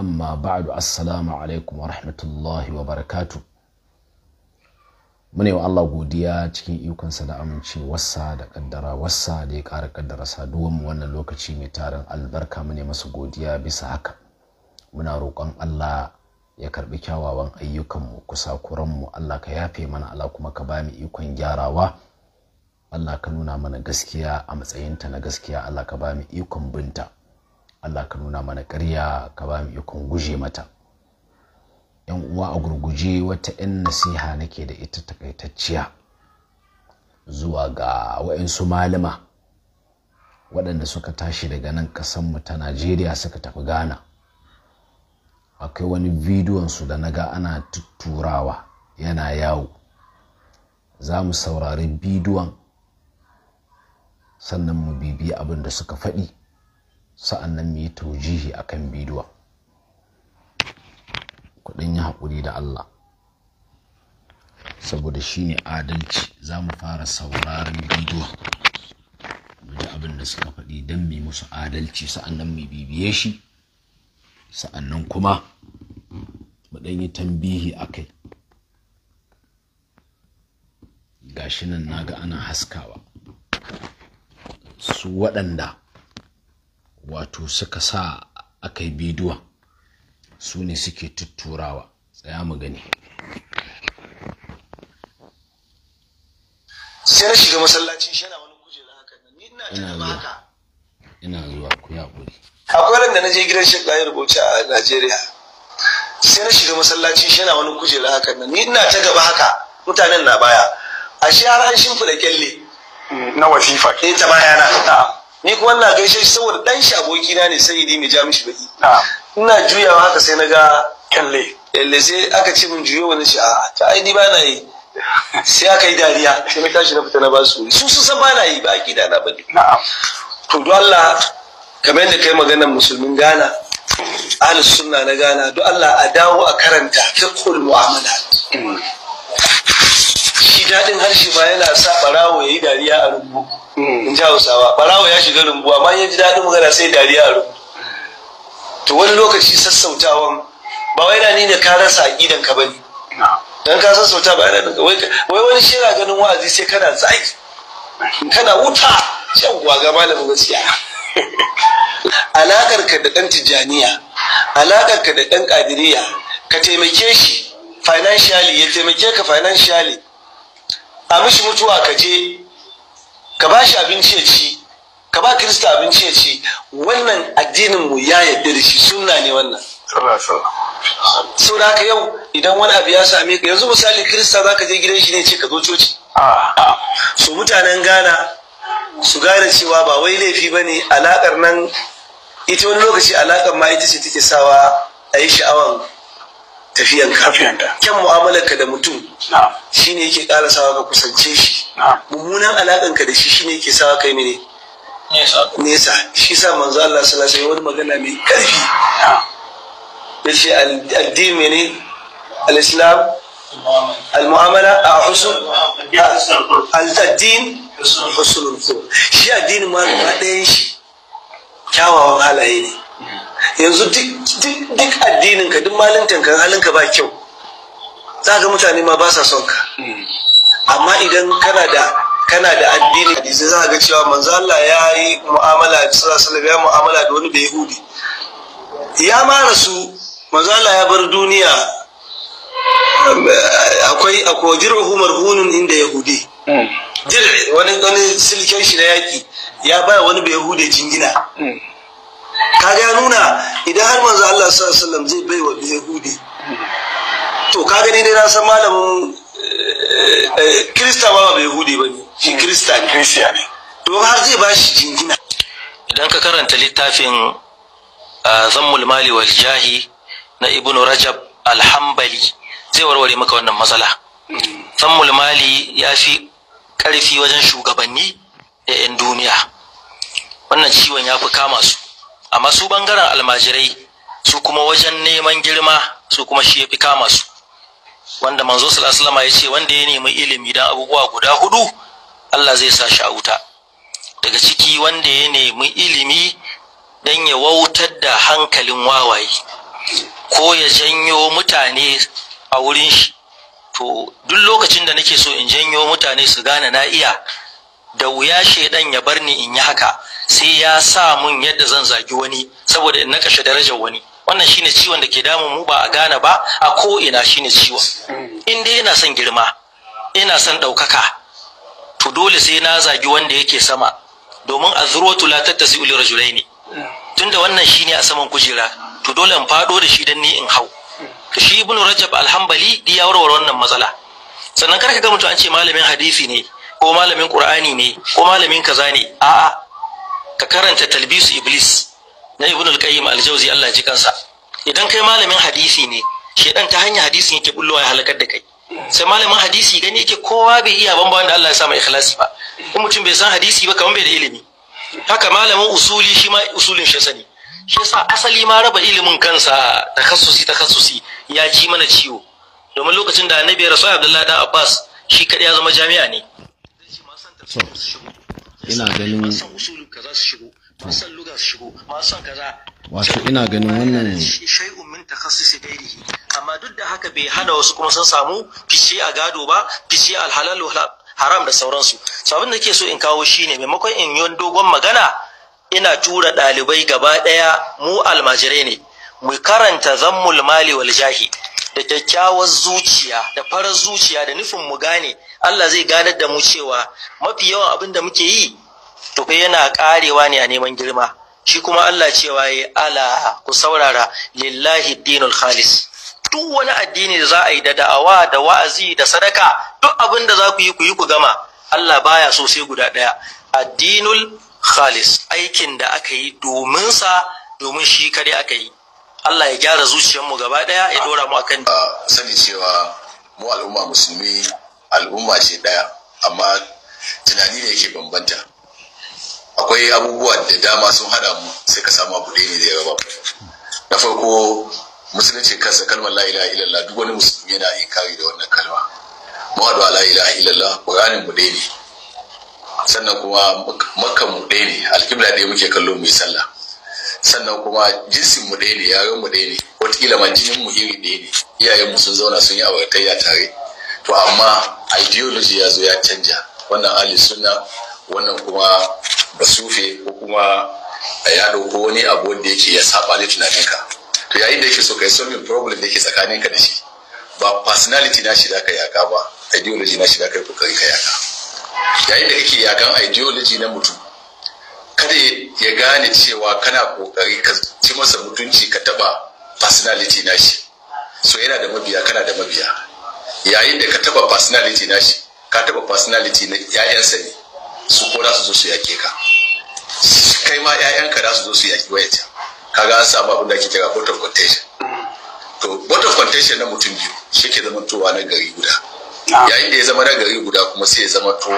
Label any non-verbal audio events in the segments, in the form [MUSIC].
amma ba'du assalamu alaikum wa rahmatullahi wa barakatu mune wa Allah godiya cikin ikonsa da amincewarsa da kaddara wasa da ya ƙara kaddara saduwar mu wannan lokaci mai tarin albarka mune masa godiya bisa haka muna roƙon Allah ya karbi kyawawan ayyukan mu kusa kuran mu Allah ka yafe mana Allah kuma ka ba mu ikon gyarawa Allah ka nuna mana gaskiya a matsayinta na gaskiya Allah ka ba mu ikon binta Allah ka nuna mana ƙarya ka ba mu ikon guje mata yan uwa a gurguje wata yan nasiha nake da ita takaitacciya zuwa ga wa'insu malama waɗanda suka tashi daga nan ƙasanmu ta najeriya suka tafi ghana akwai wani bidiyonsu da na ga ana tutturawa yana yawo za mu saurari bidiyon sannan mu bibi abin da suka faɗi sa'an nan mu yi taujihi a kan bidiyon Kudin yi haƙuri da Allah saboda shi ne adalci za mu fara sauraron bidiyon mu ji abin da suka faɗi don mu musu adalci sa'an nan mu bibiye shi sa'an nan kuma mu ɗan yi tambihi a kai gashi nan naga ana haskawa su waɗanda wato suka sa aka yi bidiyon su ne suke tutturawa tsaya mu gani sai na shiga masallacin shi yana wani kujera haka ni ina tunanin haka ina zuwa ku ya kuri akwai ran da na je gidan Sheikh Lahir Bauchi a Najeriya sai na shiga masallacin shi yana wani kujera haka ni ina ta gaba haka mutanen na baya ashe har an shimfida kyalle na wazifa eh ta bayana ni kuma ina gaishe shi saboda dan shi aboki na ne sai idi mai ja mishi baki ah. ina juyawa haka sai na ga kyalle kyalle sai aka ce min juyo wani shi a ta ai ni ba na yi sai aka yi dariya sai na tashi na fita na ba su su sun san ba na yi ba gida na ba to don Allah kamar yadda kai maganar musulmin Ghana ahlus sunna na Ghana don Allah a dawo a karanta fiqhul mu'amala. Mm. shi daɗin harshe ba yana sa ɓarawo ya yi dariya a rumbu mm. in ji hausawa ɓarawo ya shiga rumbu amma ya ji daɗin magana sai dariya a rumbu to wani lokaci sassautawan ba wai na ni da ka rasa idan ka bane dan ka sassauta ba yana wai wani shi na ganin wa'azi sai kana zaki kana wuta shan gwaga malamin gaskiya [LAUGHS] alakar ka da ɗan tijaniya alakar ka da ɗan ƙadiriya ka taimake shi financially ya taimake ka financially a mishi mutuwa ka je ka ba shi abinci ya ci ka ba kirista abinci ya ci wannan addinin mu ya yadda da shi sunna ne wannan sau da haka yau idan wani abu ya same ka yanzu misali kirista za ka je gidan shi ne ce ka zo coci ah. su mutanen gana su gane cewa ba wai laifi ba ne alaƙar nan ita wani lokaci alaƙar ma ita ce take sawa a yi sha'awan tafiyan ka kyan mu'amalar ka da mutum shine yake ƙara sawa ka kusance shi mummunan alaƙan ka da shi shine yake sawa kai mene nesa shi sa manzo Allah sallallahu alaihi wasallam wani magana mai ƙarfi ya ce addini mene al-islam al-mu'amala a husun al-addin husulun shi addini ma ɗayan shi kyawawan halaye ne hmm. yanzu duk addinin ka duk malintan kan halin ka ba kyau za ga mutane ma ba sa son ka amma idan kana da kana da addini hadisi za ga cewa manzo Allah ya yi mu'amala sallallahu ya mu'amala da wani da yahudi ya ma rasu manzo Allah ya bar duniya akwai akwai jirhu marhunun inda yahudi hmm. jir'i wani wani silken shi na yaki ya ba wani bai yahudi jingina hmm. kaga ya nuna idan har manzo Allah sallallahu alaihi wasallam zai bai wa yahudi to kaga ne dai na san malamin eh, eh, krista ba ba yahudi ba shi krista ne krista ne to har zai ba shi jingina idan ka karanta littafin ah, zammul mali wal jahi na ibn rajab alhambali zai warware maka wannan matsala zammul mali ya fi karfi wajen shugabanni da 'yan duniya wannan ciwon ya fi kama su amma su bangaren almajirai su kuma wajen neman girma su kuma shi ya fi kama su wanda manzo sallallahu ya ce wanda ya nemi ilimi dan abubuwa guda hudu Allah zai sa shi a wuta daga ciki wanda ya nemi ilimi dan ya wautar da hankalin wawaye ko ya janyo mutane a wurin shi to duk lokacin da nake so in janyo mutane su gane na iya da wuya shaidan ya bar ni in yi haka sai ya sa mun yadda zan zagi wani saboda in kashe darajar wani wannan shine ciwon da ke damun mu ba a gane ba a ko ina shine ciwon in dai ina son girma ina son ɗaukaka to dole sai na zagi wanda yake sama domin a zurotu la tattasi uli ne tunda wannan shine a saman kujera to dole in fado da shi dan ni in hau to shi ibnu rajab alhambali di ya warware wannan matsala sannan kar ka ga mutum an ce malamin hadisi ne ko malamin qur'ani ne ko malamin kaza ne a'a ka karanta talbisu iblis na ibn al-qayyim al-jawzi Allah ji kansa idan kai malamin hadisi ne shedan ta hanya hadisin yake bullowa ya halakar da kai sai malamin hadisi gani yake kowa bai iya ban da Allah ya sa mai ikhlasi ba in mutum bai san hadisi ba kamar bai da ilimi haka malamin usuli shi ma usulin shi sani shi yasa asali ma raba ilimin kansa takassusi takassusi ya ji mana ciwo domin lokacin da annabi rasul abdullahi da abbas shi kadai ya zama jami'a ne ina ganin wasu ina ganin wannan takhassisi amma duk da haka bai hana wasu kuma sun samu fice a gado ba fice al halal haram da sauransu to abin da ke so in kawo shine maimakon in yi dogon magana ina tura ɗalibai gaba ɗaya mu almajirai ne mu karanta zammul mali wal jahi da kyakkyawar zuciya da farar zuciya da nufin mu gane Allah zai ganar da mu cewa mafi yawan abin da muke yi to fa yana karewa ne a neman girma shi kuma Allah cewa ya ala ku saurara lillahi dinul khalis duk wani addini da za a yi da da'awa da wa'azi da sadaka duk abin da za ku yi ku yi ku gama Allah baya so sai guda ɗaya addinul khalis aikin da aka yi domin sa domin shi kare aka yi Allah ya gyara zuciyarmu gaba ɗaya ya dora mu akan sani cewa mu al'umma musulmi al'umma ce ɗaya amma tunani ne yake bambanta akwai abubuwa da dama sun hada mu sai ka samu abu ɗaya ne da ya raba na farko musulunci kansa kalmar la ilaha illallah duk wani musulmi yana inkari da wannan kalma mawadu la ilaha illallah qur'anin mu ɗaya ne sannan kuma makka mu ɗaya ne alƙibla ɗaya muke kallo mu yi sallah sannan kuma jinsin mu ɗaya ne yaren mu ɗaya ne wataƙila ma jinin mu iri ɗaya ne iyayen mu sun zauna sun yi auratayya tare to amma ideology ya zo ya canja wannan ali sunna wannan kuma basufe ko kuma ya dauko wani abu wanda yake ya saba ne ka to yayin da yake so kai solving problem da yake ka da shi ba personality na shi da ka yaka ba ideology na shi da aka kokari ka yaka yayin da kake yakan ideology na mutum kada ya gane cewa kana kokari ka ci masa mutunci ka taba personality na shi so yana da mabiya kana da mabiya yayin da ka taba personality na shi ka taba personality na yayansa ne su ko za su zo su yake ka kai ma yayanka za su zo su yaki ka kaga an samu abin da ake kira vote of contention to vote of contention na mutum biyu shi ke zama towa na gari guda yayin da ya zama na gari guda kuma sai ya zama to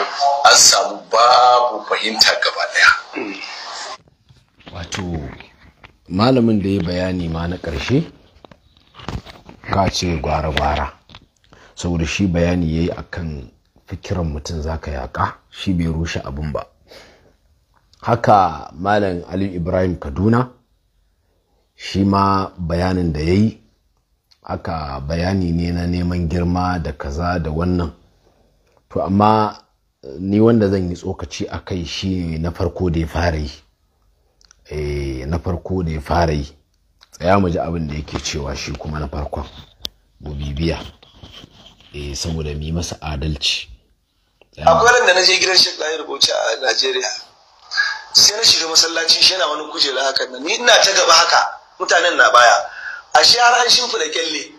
an samu babu fahimta gaba daya wato malamin da ya bayani ma na karshe ka ce gwara-gwara saboda shi bayani ya yi a kan fikiran mutum zaka ka yaƙa shi bai rushe abun ba haka malam ali ibrahim kaduna shi ma bayanin da ya yi haka bayani ne na neman girma da kaza da wannan to amma ni wanda zan yi tsokaci a kai shi na farko da ya fara yi eh, na farko da ya fara yi tsaya mu ji abin da yake cewa shi kuma na farkon mu bibiya eh saboda mu masa adalci eh. akwai ran da na je gidan Sheikh Lahir Bauchi a Najeriya sai na shiga masallaci shi yana wani kujera hakan nan ni ina ta gaba haka mutanen na baya shi har an shimfida kyalle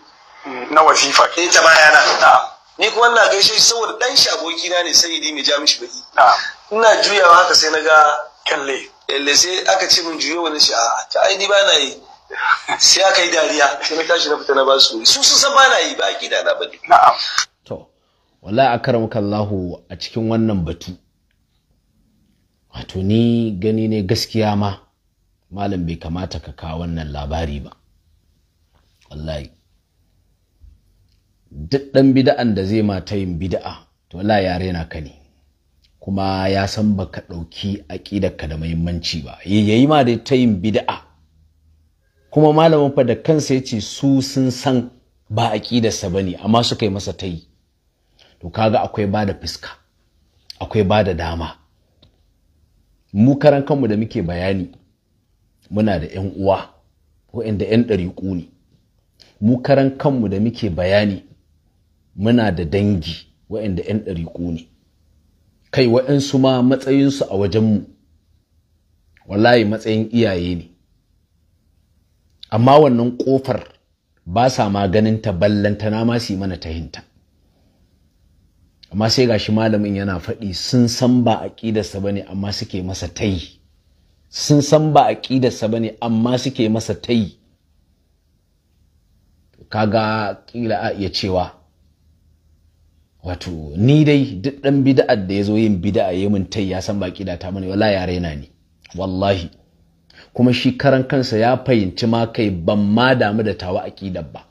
mm, na wazifa eh ta baya na ah. ni kuma ina gaishe shi saboda dan shi aboki na ne sai mai ja mishi baki ah. ina juyawa haka sai na ga kyalle kyalle sai aka ce min juyo wani shi a ta ai ni ba na yi sai aka yi dariya sai na tashi na fita na ba su su sun san bana yi ba gida na ba na'am to wallahi akramaka kallahu a cikin wannan batu wato ni gani ne gaskiya ma malam bai kamata ka kawo wannan labari ba wallahi duk dan bida'an da zai mata yin bida'a to wallahi ya rena ka ne kuma ya san baka ɗauki ka da muhimmanci ba yayi ma dai ta yin bida'a kuma malamin fa da kansa ya ce su sun san ba a aƙidarsa ba ne amma suka yi masa ta yi to kaga akwai ba da fuska akwai ba da dama mu karan kanmu da muke bayani muna da 'yan uwa waɗanda 'yan ɗariƙu ne mu karan kanmu da muke bayani muna da dangi waɗanda 'yan ɗariƙu ne kai waɗansu ma matsayinsu a wajenmu wallahi matsayin iyaye ne amma wannan kofar ba sa ma ganin ta ballantana ma su yi mana tahinta amma sai gashi malamin yana faɗi sun san ba aƙidarsa ba ne amma suke masa tayi sun san ba aƙidarsa ba ne amma suke masa tayi kaga ƙila a iya cewa wato ni dai duk ɗan bida'ar da ya zo yin bida'a ya mun tai ya san ba ƙidata ba ne wala yare na ne wallahi kuma shi karan kansa ya fahimci ma kai ban ma damu da tawa aƙidar ba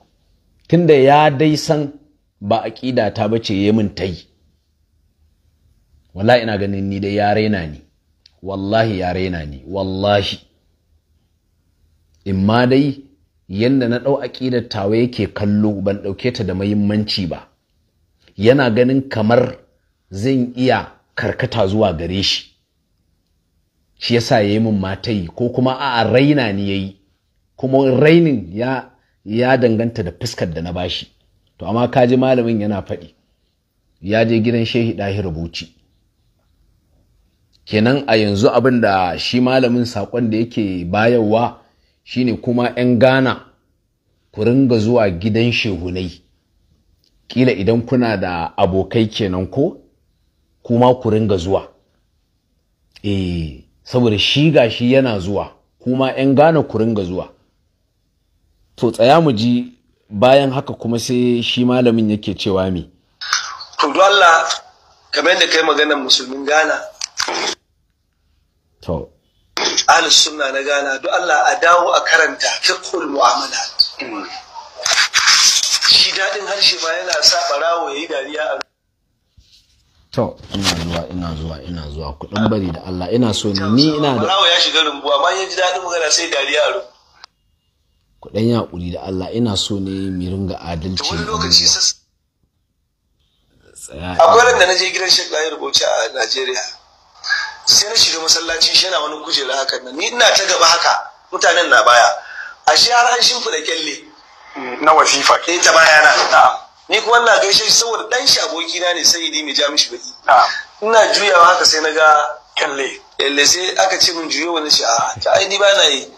tunda ya dai san ba aƙida ta bace ya min ta yi wallahi ina ganin ni dai ya raina ni wallahi ya raina ni wallahi in ma dai yadda na ɗau aƙidar tawa yake kallo ban ɗauke ta da mahimmanci ba yana ganin kamar zan iya karkata zuwa gare shi shi ya sa ya yi min matayi ko kuma a'a raina ni yi. kuma rainin ya danganta da fuskar da na bashi to amma ji malamin yana faɗi ya je gidan shehi ɗahi rubuci. kenan a yanzu abin da shi malamin saƙon da yake bayarwa shine kuma 'yan gana ku ringa zuwa gidan shehunai kila idan kuna da abokai kenan ko kuma ku ringa zuwa eh saboda shi gashi yana zuwa kuma 'yan gane ku ringa zuwa to tsaya mu ji bayan haka kuma sai shi malamin yake cewa mi to Allah kamar da kai maganar musulmin gana to suna na gana do Allah a dawo a karanta fiqhul mu'amala shi dadin harshe ma yana sa barawo yayi dariya a to zuwa ina zuwa ina zuwa kuɗin bari da Allah ina so ni ni ina da Allah ya shiga rumbu amma ya ji dadin magana sai dariya a kudin ya kuri da Allah ina so ne mu ringa adalci wani lokaci akwai ran da na je gidan Sheikh Lahir Bauchi a Najeriya sai na shiga masallacin shi yana wani kujera hakan nan ni ina ta gaba haka mutanen na baya ashe har an shimfida kelle na wazifa eh ta bayana ni kuma ina gaishe shi saboda dan shi aboki na ne sai ni mai ja mishi baki ah. ina juyawa haka sai na kalle kalle sai aka ce mun juyo wani shi a ta ai ni ba na yi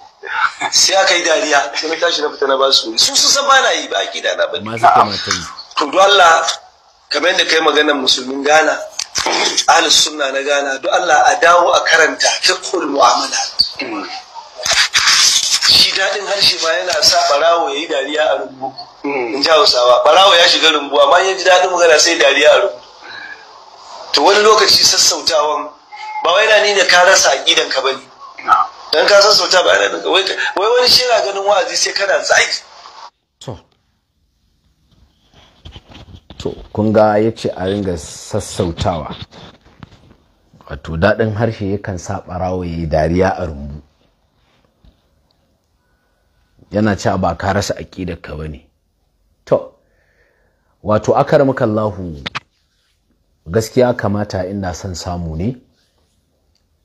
sai aka yi dariya sai na tashi na fita na basu. su su su san ba na yi ba a na ba to don Allah kamar yadda kai maganar musulmin Ghana ahli sunna na Ghana don Allah a dawo a karanta fiqhul mu'amala hmm. daɗin harshe ma yana sa ɓarawo ya yi dariya a rumbu hmm. in ji hausawa ɓarawo ya shiga rumbu amma ya ji daɗin magana sai dariya a rumbu to wani lokaci sassautawan ba wai na nuna ka rasa aƙidan ka bane dan ka sassauta ba yana daga wai wani shira ganin wa'azi sai kana zagi to kun ga ya ce a ringa sassautawa wato daɗin harshe yakan sa ɓarawo ya yi dariya a rumbu yana ci ba ka rasa aƙidar ka bane to wato akarmaka Allahu gaskiya kamata inda son samu ne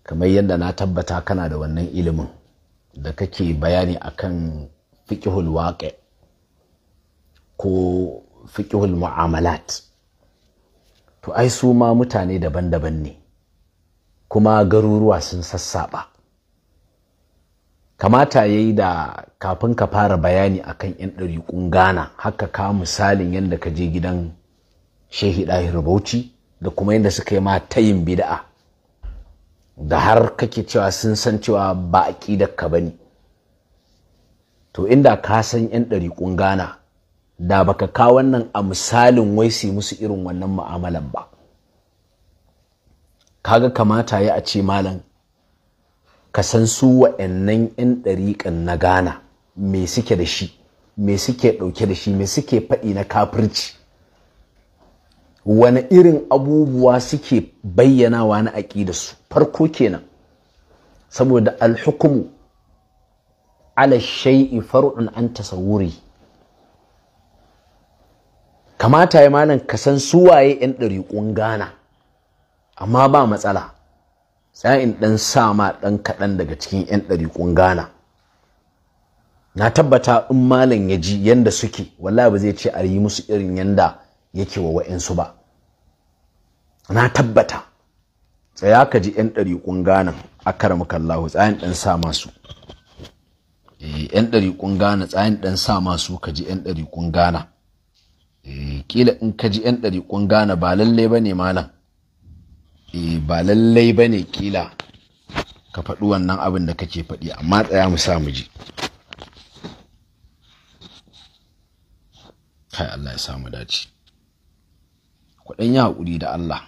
kamar yadda na tabbata kana da wannan ilimin da kake bayani akan fiƙihul waƙe ko fiƙihul mu'amalat to ai su ma mutane daban-daban ne kuma garuruwa sun sassaɓa. kamata ya yi da kafin ka fara bayani akan 'yan ɗariƙun ghana haka ka misalin yadda ka je gidan shehi ɗahir bauchi da kuma yadda suka yi ma tayin bida'a da har kake cewa sun san cewa ba a ƙidakka ba ne to inda ka san 'yan ɗariƙun ghana da baka ka wannan a misalin wai su musu irin wannan mu'amalan ba kaga kamata ya a ce malam ka san su wa'annan 'yan ɗariƙan na ghana me suke da shi me suke ɗauke da shi me suke faɗi na kafirci wani irin abubuwa suke bayyana bayyanawa na su farko kenan saboda alhukumu ala shai'i far'un an tasawuri kamata ya malam ka san waye 'yan ɗariƙun Ghana. amma ba matsala Tsayin ɗan sama ɗan kaɗan daga cikin 'yan ɗariƙun Ghana. Na tabbata in malam ya ji yanda suke, wallahi ba zai ce a yi musu irin yanda yake wa wa'insu ba. Na tabbata, tsaya ka ji 'yan ɗariƙun Ghana a karamakallahu tsayin ɗan sa masu. 'yan eh, ɗariƙun Ghana tsayin ɗan sa masu ka ji 'yan ɗariƙun Ghana. Kila eh, in ka ji 'yan ɗariƙun Ghana ba lallai ba ne malam. eh ba lallai ba ne kila ka faɗi wannan abin da kake faɗi amma tsaya mu sa mu ji kai Allah ya samu dace kuɗin ya haƙuri da Allah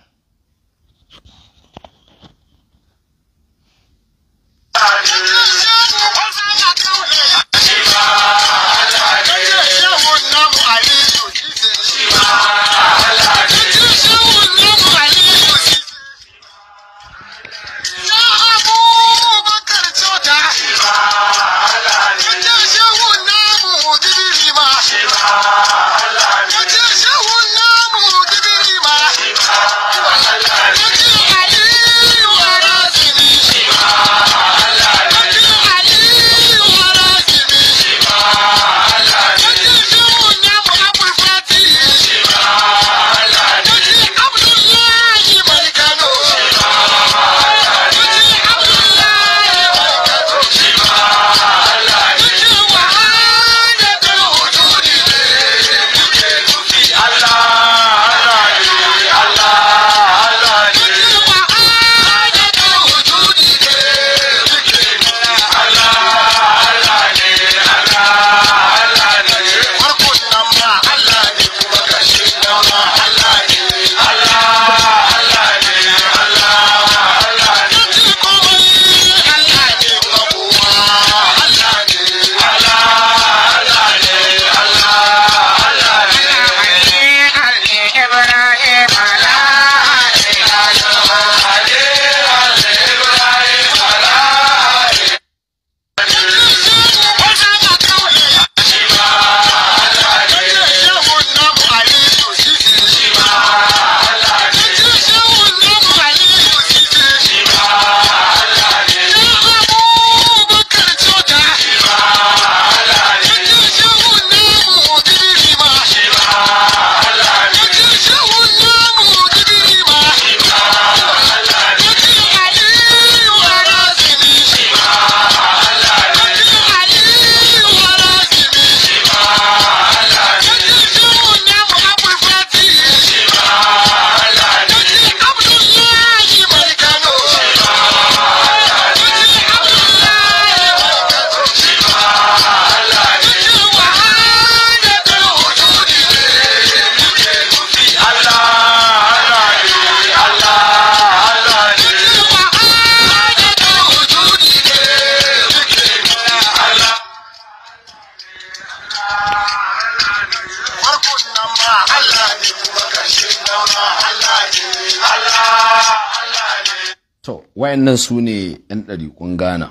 To, wayannan su ne ‘yan kun Ghana,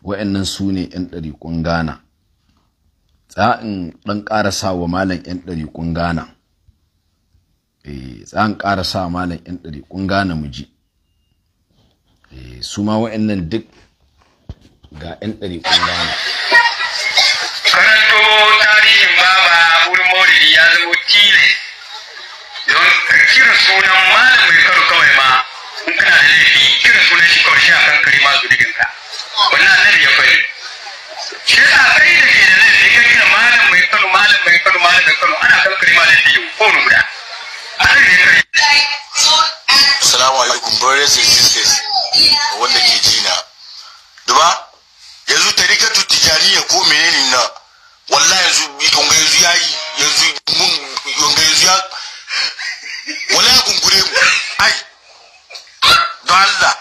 wayannan su ne ‘yan kun Ghana, tsa'in ɗan ƙarasa wa malam ‘yan kun Ghana, tsa'in eh, ƙarasa wa malam ‘yan kun Ghana mu ji, eh, su ma wayannan duk ga ‘yan kun Ghana. kiran sunan malamin karo kawai ma in kana da laifi kiran sunan shi kawai shi a kan kari ma zunubin ka wannan annabi ya fari shi yasa kai da ke da laifi ka kira malam mai kano malam mai kano malam mai kano ana kan kari ma laifi yau ko guda a annabi ya fari salamu alaikum brothers sai sisters wanda ke ji na duba yanzu tarikatu tijaniya ko menene na wallahi yanzu yanzu yayi yanzu mun yanzu ya wala ya gungure mu ai don Allah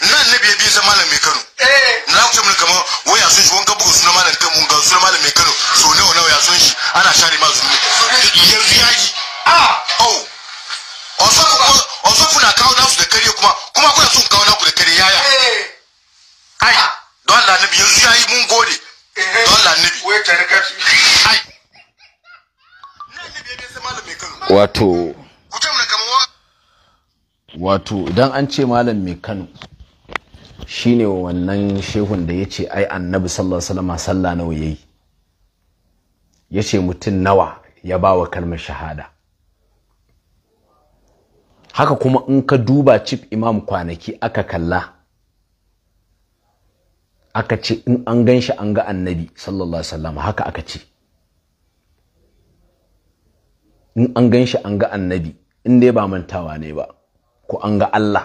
nan ne bai biya malam mai Kano eh. na ku mun kamar waya sun shi wanga bugu sunan malam kan mun ga sunan malam mai Kano so nawa nawa ya sun shi ana share ma zumi yanzu yayi ah oh ozo kuma ozo kuna kawo nasu da kare kuma kuma kuna sun kawo naku da kare yaya eh. ai don Allah nabi yanzu yayi mun gode eh. don Allah nabi wai tarkaci ai wato wato idan an ce malam mai kano shine wannan shehun da ya ce ai annabi sallallahu alaihi sallah nawa yayi ya ce mutum nawa ya ba wa kalmar shahada haka kuma in ka duba cif imam kwanaki aka kalla aka ce in an gan shi an ga annabi sallallahu alaihi haka aka ce in an gan shi an ga annabi in dai ba mantawa ne ba ko an ga Allah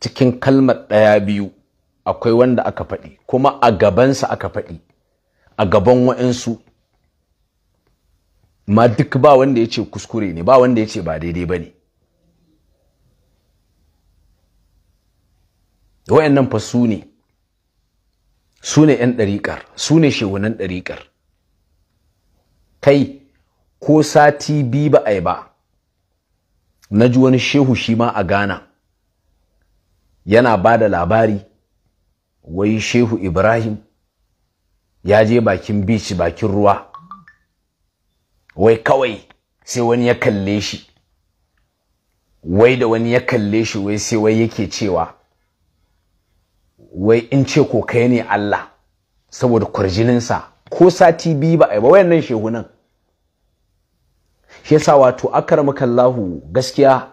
cikin kalmar ɗaya biyu akwai wanda aka faɗi kuma a gabansa aka faɗi a gaban wa'insu ma duk ba wanda ya ce kuskure ne ba wanda ya ce ba daidai ba ne wa'annan fa su ne su ne 'yan ɗariƙar su ne shewunan ɗariƙar kai ko sati biyu ba a yi ba na ji wani shehu shi ma a ghana yana ba da labari wai shehu ibrahim ya je bakin bici bakin ruwa wai kawai sai wani ya kalle shi wai da wani ya kalle shi wai sai wai yake cewa wai in ce ko kai ne Allah saboda kwarjininsa ko sati biyu ba a yi ba wayannan nan. shi yasa wato akramakallahu gaskiya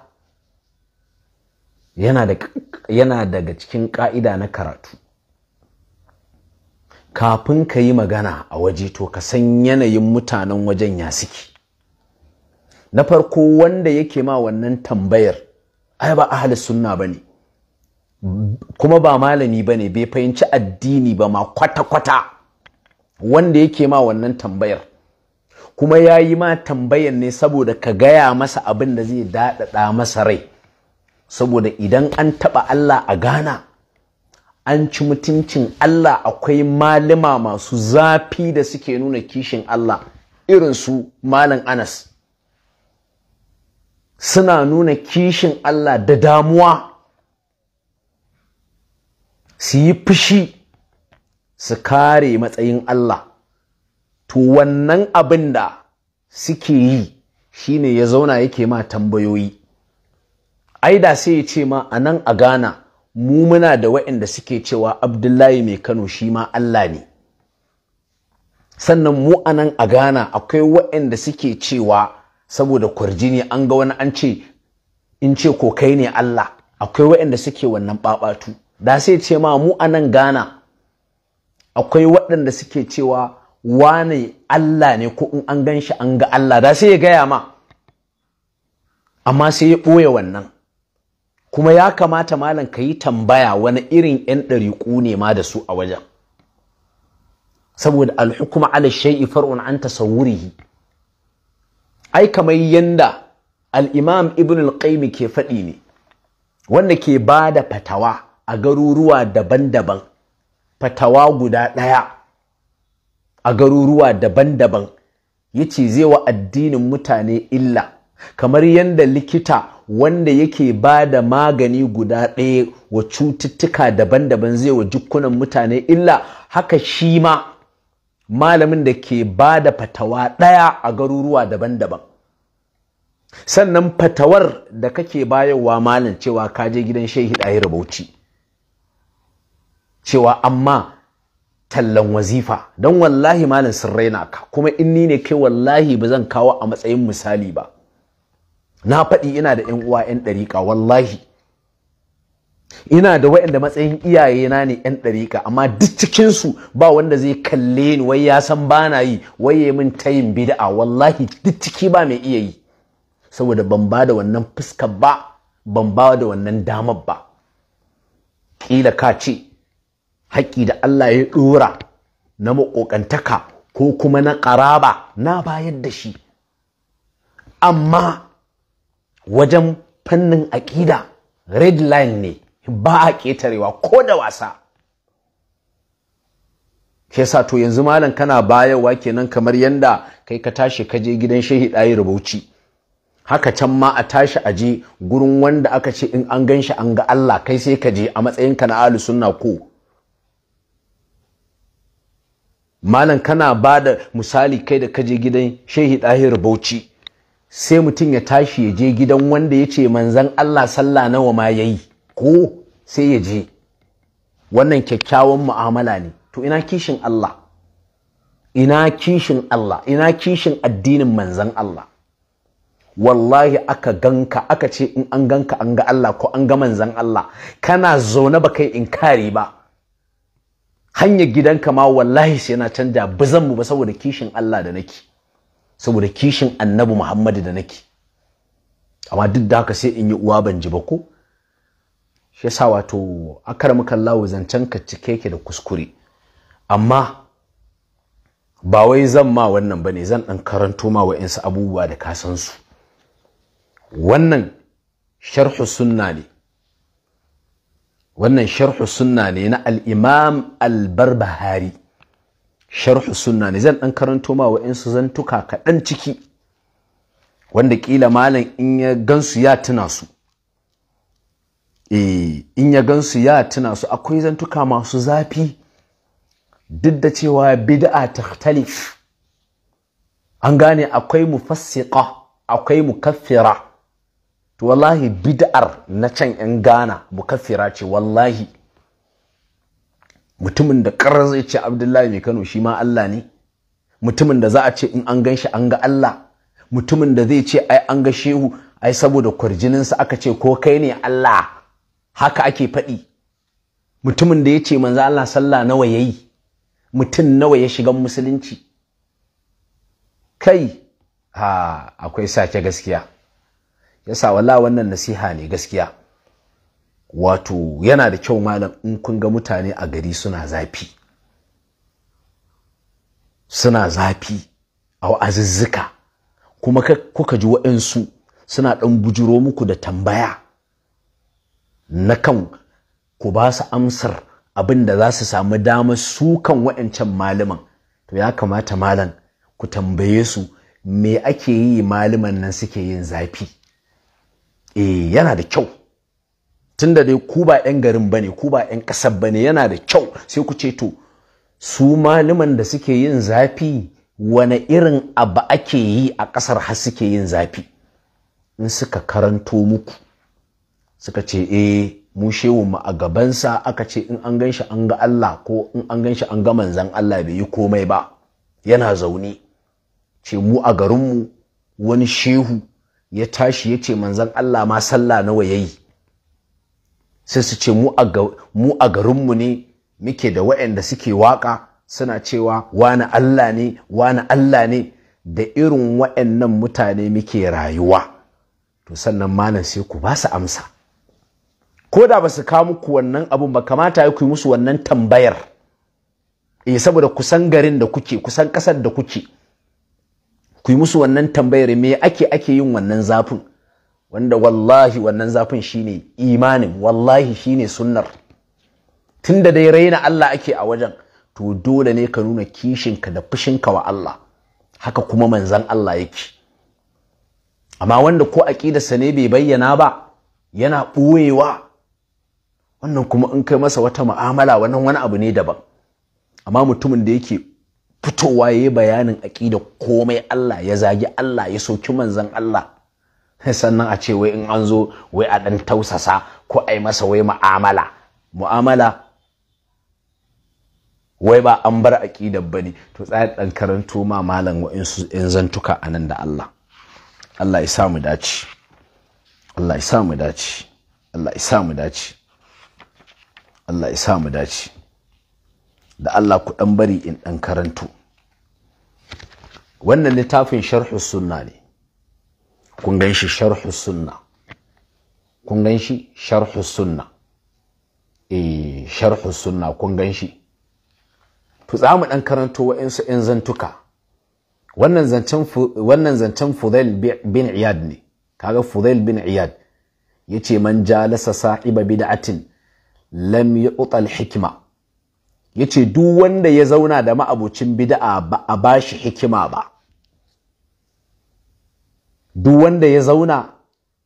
yana da yana daga cikin ka'ida na karatu kafin ka yi magana a waje to ka san yanayin mutanen wajen ya suke na farko wanda yake ma wannan tambayar ai ba ahli sunna bane kuma ba malami bane bai fahimci addini ba ma kwata-kwata wanda yake ma wannan tambayar kuma ya yi ma tambayan ne saboda ka gaya masa abin da zai daɗaɗa masa rai saboda idan an taɓa Allah a gana, an ci mutuncin Allah akwai malima masu zafi da suke nuna kishin Allah irin su malam Anas suna nuna kishin Allah da damuwa su yi fushi su kare matsayin Allah to wannan abin da suke yi shine ya zauna yake ma tambayoyi ai da sai ya ce ma a nan a Ghana mu muna da waɗanda suke cewa Abdullahi mai Kano shi ma Allah ne sannan mu a nan a gana, akwai waɗanda suke cewa saboda kwarjini an ga wani an ce in ce ko kai ne Allah akwai waɗanda suke wannan babatu da sai ce ma mu a nan Ghana akwai waɗanda suke cewa wane Allah ne ko in an gan shi an ga Allah da sai ya gaya ma amma sai ya ɓoye wannan kuma ya kamata malam ka yi tambaya wani irin 'yan ɗariƙu ne ma da su a wajen saboda alhukuma ala shai'i far'un an tasawwurihi ai kamar yanda al ibn al ke faɗi ne wanda ke ba da fatawa a garuruwa daban-daban fatawa guda ɗaya a garuruwa daban-daban ya ce zai wa addinin mutane illa kamar yadda likita wanda yake ba da magani guda ɗaya wa cututtuka daban-daban zai wa jikunan mutane illa haka shi ma malamin da ke ba da fatawa ɗaya a garuruwa daban-daban sannan fatawar da kake bayarwa malam cewa ka je gidan shehi ɗaya rabauci cewa amma tallan wazifa don wallahi malam sirrai raina ka kuma in ni ne ke wallahi ba zan kawo a matsayin misali ba na faɗi ina da yan uwa yan ɗariƙa wallahi ina da waɗanda matsayin iyaye na ne yan ɗariƙa amma duk cikinsu ba wanda zai kalle ni wai ya san ba na yi wai ya min ta yin bida'a, wallahi duk ciki ba mai iya yi saboda ban ba da wannan fuska ba ban ba da wannan damar ba ƙila ka ce haƙƙi da Allah ya ɗora na maƙoƙantaka ko kuma na ƙaraba na bayar da shi amma wajen fannin aƙida red line ne ba a ƙetarewa ko da wasa ke sa to yanzu malam kana bayarwa kenan kamar yadda kai ka tashi ka je gidan shehi ɗayi rubuci haka can ma a tashi a je gurin wanda aka ce in an gan shi an ga Allah kai sai ka je a matsayinka na alu sunna ko malam kana ba da misali kai da kaje gidan shehi ɗahir bauchi sai mutum ya tashi ya je gidan wanda ya ce manzan allah sallah nawa ma ya yi ko sai ya je wannan kyakkyawan mu'amala ne to ina kishin allah ina kishin allah ina kishin addinin manzan allah wallahi aka ganka aka ce in an ganka an ga allah ko an ga manzan allah kana zaune ba kai inkari ba hanyar gidanka ma wallahi sai na canja bazan mu ba saboda kishin Allah da nake saboda kishin annabi Muhammadu da nake amma duk da haka sai in yi uwa ban ji ba ko shi yasa wato muka Allah zancen ka cike yake da kuskure amma ba wai zan ma wannan bane zan dan karanto ma wa'insu abubuwa da ka san su wannan sharhu sunna ne wannan sharhu sunna ne na al-imam al-barbahari sharhu sunna ne zan ɗan karanto ma wa'insu zantuka kaɗan ciki wanda ƙila malam in ya gansu ya tuna su eh in ya gansu ya tuna su akwai zantuka masu zafi duk da cewa bid'a takhtalif an gane akwai mufassiqa akwai mukaffira to wallahi bid'ar na can yan Ghana mukaffira ce wallahi mutumin da karar zai ce Abdullahi mai Kano shi ma Allah ne mutumin da za a ce in an gan shi an ga Allah mutumin da zai ce ai an ga shehu ai saboda kwarjininsa aka ce ko kai ne Allah haka ake faɗi mutumin da ya ce manza Allah sallah nawa yayi mutum nawa ya shiga musulunci kai ha akwai sake gaskiya yasa walla wannan nasiha ne gaskiya wato yana da kyau malam in kun ga mutane a gari suna zafi suna zafi a wa'azuzzuka kuma kuka ji waɗansu suna ɗan bujiro muku da tambaya na kan ku ba su amsar abin da za su samu damar sukan waɗancan malaman to ya kamata malam ku tambaye su me ake yi malaman nan suke yin zafi eh yana da kyau tunda dai ku ba 'yan garin bane ku ba 'yan ƙasar bane yana da kyau sai ku ce to su maliman da suke yin zafi wane irin abu ake yi a ƙasar har suke yin zafi in suka karanto muku suka ce e mu mu a gabansa aka ce in an ganshi an ga Allah ko in an ganshi an ga manzan Allah bai yi komai ba yana zaune ce mu a garinmu wani shehu ya tashi ya ce manzan Allah ma sallah nawa ya yi sai su ce mu a garinmu ne muke da waɗanda suke waƙa suna cewa wani Allah ne wani Allah ne da irin waɗannan mutane muke rayuwa to sannan malam sai ku ba su amsa ko da ba su kawo muku wannan abun ba kamata ya ku yi musu wannan tambayar eh saboda kusan garin da kuke kusan ƙasar da kuke ku yi musu wannan tambayar me ake ake yin wannan zafin wanda wallahi wannan zafin shine imanin wallahi shine sunnar tunda dai raina Allah ake a wajen to dole ne ka nuna kishinka da fushin ka wa Allah haka kuma manzan Allah yake amma wanda ko sa ne bai bayyana ba yana ɓoyewa wannan kuma in kai masa wata mu'amala wannan wani abu ne daban amma mutumin da yake fitowa ya yi bayanin aƙida komai Allah ya zagi Allah ya soki manzan Allah sannan a ce wai in an zo wai a ɗan tausasa ko a yi masa wai mu'amala mu'amala wai ba an bar aƙida ba ne to tsaya ɗan karanto ma malam wa'insu in zantuka a nan da Allah Allah ya sa mu dace Allah ya sa mu dace Allah ya sa mu dace Allah ya sa mu dace da Allah ku ɗan bari in ɗan karanto wannan littafin sharhu sunna ne kun ganshi sharhu sunna kun ganshi sharhu sunna eh sharhu sunna kun gan to za mu dan karanto wa'ansu yan zantuka wannan zancen wannan zancen Fudail bin Iyad ne kaga Fudail bin Iyad yace man jalasa sahiba bid'atin lam yu'ta al-hikma yace duk wanda ya zauna da ma'abucin bid'a ba a bashi hikima ba duk wanda ya zauna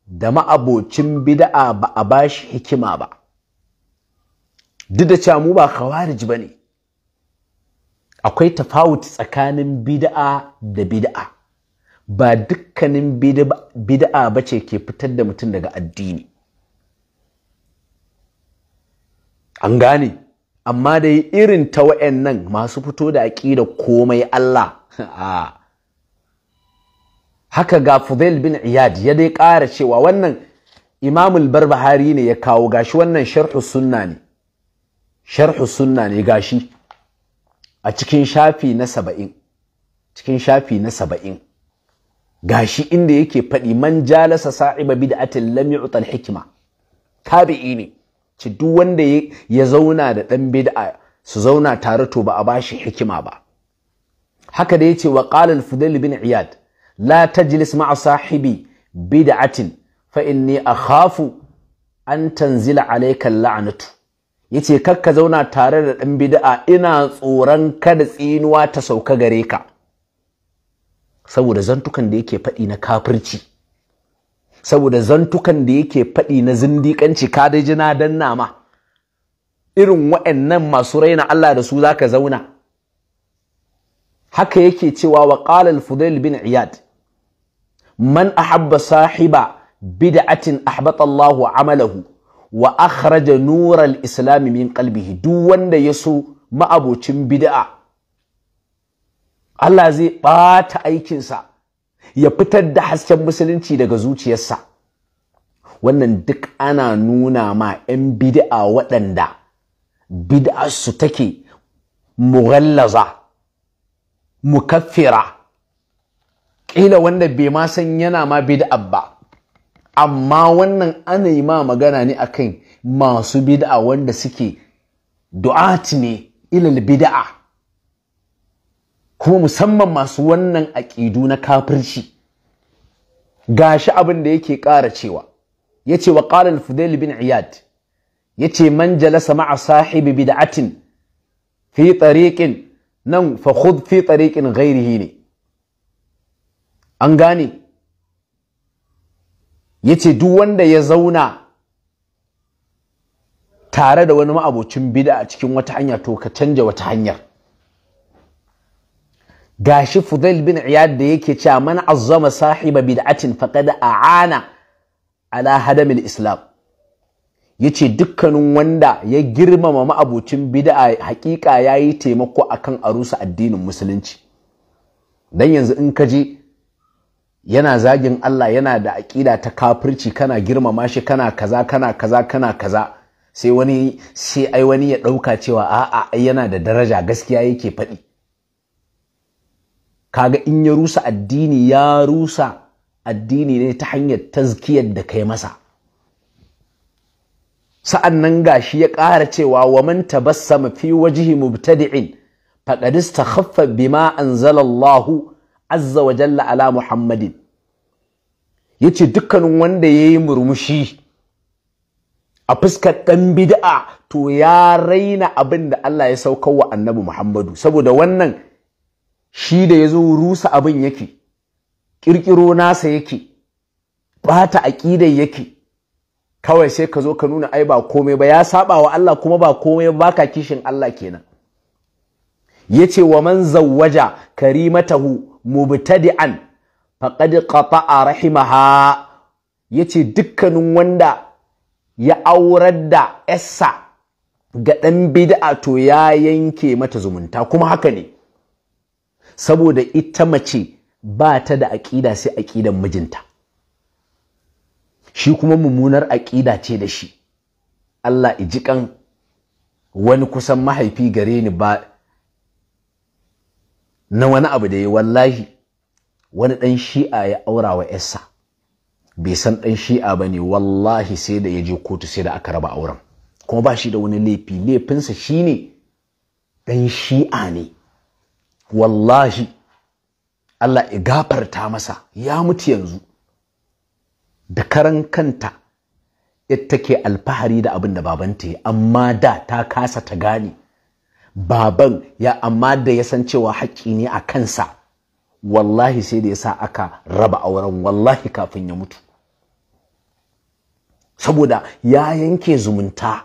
da ma'abocin bid'a ba a bashi hikima ba duk da cewa mu ba khawarij bane akwai tafawut tsakanin bid'a da bid'a ba dukkanin bid'a ce ke fitar da mutum daga addini an gane amma dai irin ta wa'annan masu fito da da komai Allah [LAUGHS] ah. haka ga Fudail bin Iyad ya dai ƙara cewa wannan Imamul Barbahari ne ya kawo gashi wannan sharhu sunna ne sharhu sunna ne gashi a cikin shafi na saba'in cikin shafi na saba'in gashi inda yake faɗi man jalasa sa'iba bid'atin lam yu'tal hikma tabi'i ne ci duk wanda ya zauna da ɗan bid'a su zauna tare to ba a ba shi hikima ba haka da ya yace wa qala al bin iyad la jilis ma'a sahibi bid'atin fa a khafu an tanzila la'anatu ya kar kakka zauna tare da ɗan bid'a ina tsoron kada tsinuwa ta sauka gare ka saboda zantukan da yake faɗi na kafirci saboda zantukan da yake faɗi na zindiƙanci ka dai ji na danna irin wa'annan masu raina Allah da su zaka zauna haka yake cewa wa qala al bin iyad man ahabba sahiba bid'atin ahbata Allahu amalahu wa akhraja nural islami min qalbihi duk wanda ya so ma'abocin bida'a. Allah zai ɓata aikinsa ya fitar da hasken musulunci daga zuciyarsa wannan duk ana nuna ma 'yan bid'a waɗanda su take mughallaza mukaffira ƙila wanda bai ma san yana ma bid'a ba amma wannan ana yi ma magana ne akan masu bid'a wanda suke du'at ne ilal bid'a kuma musamman masu wannan aƙidu na kafirci gashi abin da yake ƙara cewa yace wa qala al-fudail bin iyad yace man jalasa ma'a sahibi bid'atin fi tariqin nan fa khudh fi tariqin ghairihi ne an gane yace duk wanda ya zauna tare da wani ma'abocin bid'a cikin wata hanya to ka canja wata hanyar gashi Fudail bin Iyad da yake cewa man azzama sahiba bid'atin faqad a'ana ala hadamil islam yace dukkanin wanda ya girmama ma'abocin bid'a hakika yayi taimako akan arusa addinin musulunci dan yanzu in ka je yana zagin Allah yana da aƙida ta kafirci kana girmama shi kana kaza kana kaza kana kaza sai wani sai ai wani ya ɗauka cewa a'a yana da daraja gaskiya yake faɗi kaga in ya rusa addini ya rusa addini ne ta hanyar tazkiyar da kai masa sa'an nan shi ya ƙara cewa wa man tabassama fi wajhi mubtadi'in faqad istakhaffa bima anzalallahu azza wa jalla ala muhammadin yace dukkanin wanda yayi murmushi a fuskar ɗan bid'a to ya raina abin da Allah ya saukar wa annabi Muhammadu saboda wannan shi da ya zo rusa abin yake ƙirƙiro nasa yake ɓata aƙidar yake kawai sai ka zo ka nuna ai ba komai ba ya saba wa Allah kuma ba komai ba ka kishin Allah kenan Ya ce wa man zawwaja karimatahu mubtadi'an faqad qata'a rahimaha ce dukkanin wanda ya aurar da essa ga ɗan bid'a to ya yanke mata zumunta kuma haka ne saboda ita mace ba ta da aƙida sai aƙidan mijinta shi kuma mummunar aƙida ce da shi Allah ijikan wani kusan mahaifi gare ni ba na wani abu da ya wallahi wani ɗan shi'a ya aura wa yarsa bai san ɗan shi'a ba ne wallahi sai da ya je kotu sai da aka raba auren kuma ba shi da wani laifi laifinsa shine ɗan shi'a ne wallahi Allah ya gafarta masa ya mutu yanzu da karan kanta ita take alfahari da abin da babanta ya amma da ta kasa ta gane baban ya amma da ya san cewa haƙƙi ne a kansa wallahi sai da ya sa aka raba auren wallahi kafin ya mutu saboda ya yanke zumunta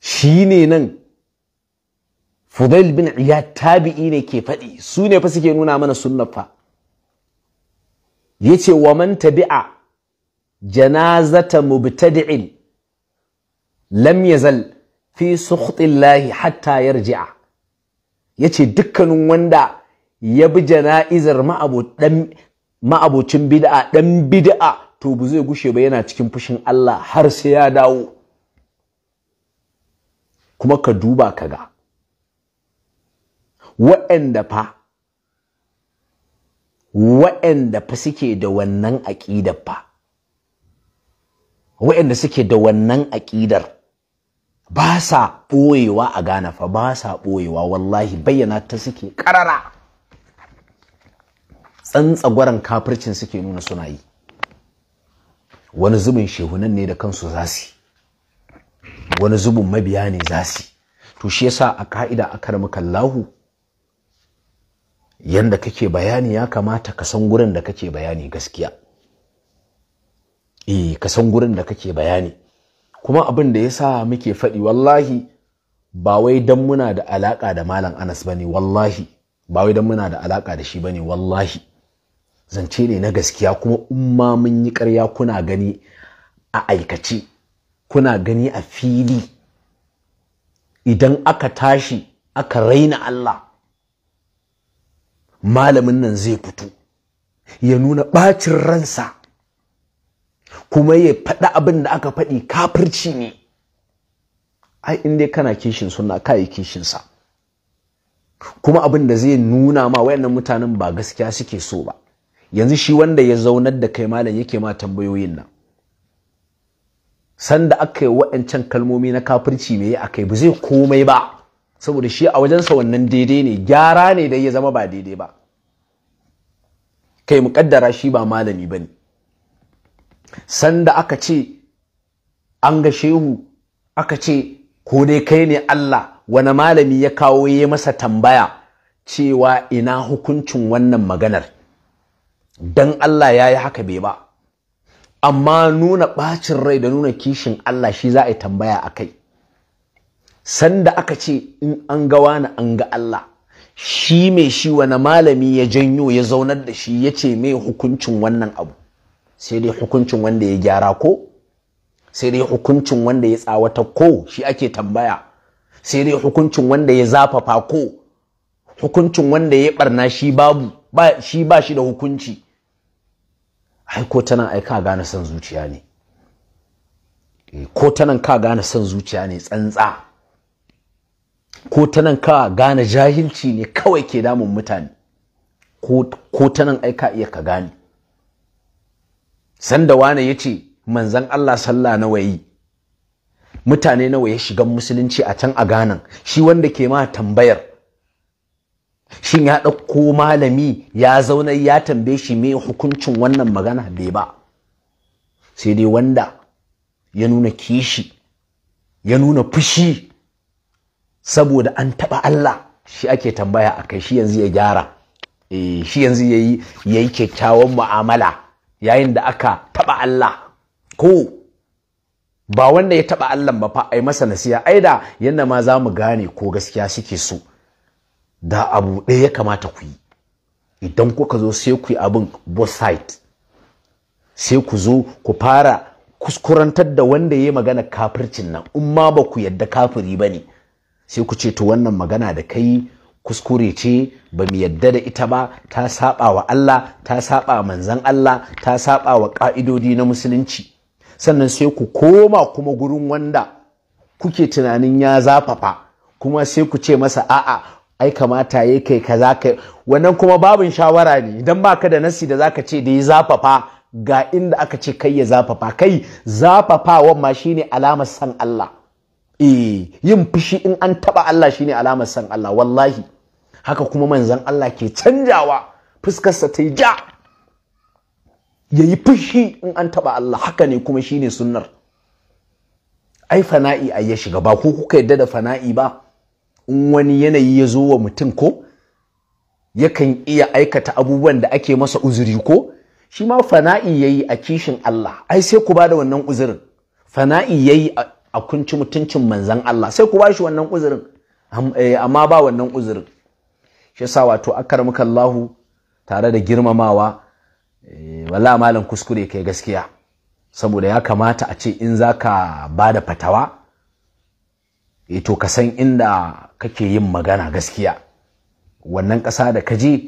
shi ne nan Fudail bin Iyad tabi'i ne ke faɗi su ne fa suke nuna mana sunnar fa yace wa man tabi'a janazata mubtadi'in lam yazal fi sukhtillahi hatta yarji'a yace dukkanin wanda ya bi jana'izar ma'abocin bid'a dan bid'a to bu zai gushe ba yana cikin fushin Allah har sai ya dawo kuma ka duba ka ga. wa'anda fa wa'anda fa suke da wannan aƙidar fa wa'anda suke da wannan aƙidar ba sa ɓoyewa a gane fa ba sa ɓoyewa wallahi bayyana ta suke ƙarara tsantsagwaran kafircin suke nuna suna yi wani zubin shehunan ne da kansu zasu wani zubin mabiya ne zasu to shi yasa a ka'ida a karmukan lahu yanda kake bayani ya kamata ka san gurin da kake bayani gaskiya eh ka san gurin da kake bayani kuma abin da yasa muke faɗi wallahi ba wai dan muna da alaka da malam Anas bane wallahi ba wai dan muna da alaka da shi bane wallahi zance ne na gaskiya kuma umma mun yi ƙarya kuna gani a aikace kuna gani a fili idan aka tashi aka raina Allah malamin nan zai fito ya nuna ɓacin ransa kuma ya faɗi abin da aka faɗi kafirci ne ai in dai kana kishin suna kai kishinsa kuma abin da zai nuna ma wayannan mutanen ba gaskiya suke so ba yanzu shi wanda ya zaunar da kai malam yake ma tambayoyin nan sanda aka yi wa'ancan kalmomi na kafirci me akai ba zai komai ba saboda shi a wajensa wannan daidai ne gyara ne dai ya zama ba daidai ba kai muƙaddara shi ba malami ba ne sanda aka ce an ga shehu aka ce ko dai kai ne Allah wani malami ya kawo ya masa tambaya cewa ina hukuncin wannan maganar don Allah ya yi haka bai ba amma nuna ɓacin rai da nuna kishin Allah shi za a yi tambaya a kai sanda aka ce in an ga wani an ga Allah shi mai shi wani malami ya janyo ya zaunar da shi ya ce mai hukuncin wannan abu sai dai hukuncin wanda ya gyara ko sai dai hukuncin wanda ya tsawata ko shi ake tambaya sai dai hukuncin wanda ya zafafa ko hukuncin wanda ya barna shi babu ba shi ba shi da hukunci ai ko tana ai ka gane son zuciya ne eh, ko tana ka gane son zuciya ne tsantsa ko ta nan ka gane jahilci ne kawai ke damun mutane ko ta nan ai iya ka gane sanda wane ya ce manzan Allah sallah nawa yi mutane nawa ya shiga musulunci a can a ganan shi wanda ke ma tambayar shin ya ɗauko malami ya zauna ya tambaye shi me hukuncin wannan magana bai ba sai dai wanda ya nuna kishi ya nuna fushi saboda an taɓa Allah shi ake tambaya a kai shi yanzu ya gyara eh, shi yanzu ya yi kyakkyawan mu'amala yayin da aka taɓa Allah ko ba wanda ya taɓa Allah ba fa ai masa nasiya ai da yanda ma za mu gane ko gaskiya suke so da abu ɗaya ya kamata ku yi idan kuka zo sai ku yi abin both side sai ku zo ku fara kuskurantar da wanda ya yi magana kafircin nan in ma ba ku yadda kafiri ba ne sai ku ce to wannan magana da kai kuskure ce ba mu yadda da ita ba ta saba wa Allah ta saba manzan Allah ta saba wa ka'idodi na musulunci sannan sai ku koma kuma gurin wanda kuke tunanin ya zafafa kuma sai ku ce masa a'a ai kamata ya kai kaza kai wannan kuma babin shawara ne idan baka da nasi da zaka ce da ya zafafa ga inda aka ce kai ya zafafa kai zafafawa ma shine alamar san Allah eh yin fushi in an taba Allah shine alamar san Allah wallahi haka kuma manzon Allah ke canjawa fuskarsa ta yi ja yayi fushi in an taba Allah haka ne kuma shine sunnar ai fana'i a ya shiga ba ko kuka yadda da fana'i ba in wani yanayi ya zo wa mutum ko yakan iya aikata abubuwan da ake masa uzuri ko shi ma fana'i yayi a kishin Allah ai sai ku ba da wannan uzurin fana'i yayi a kunci mutuncin manzan Allah sai ku bashi wannan uzurin eh, amma ba wannan uzurin shi yasa wato akarmuka Allahu tare da girmamawa eh, wala malam kuskure kai gaskiya saboda ya kamata a ce in zaka bada fatawa e to ka san inda kake yin magana gaskiya wannan ƙasa da ka je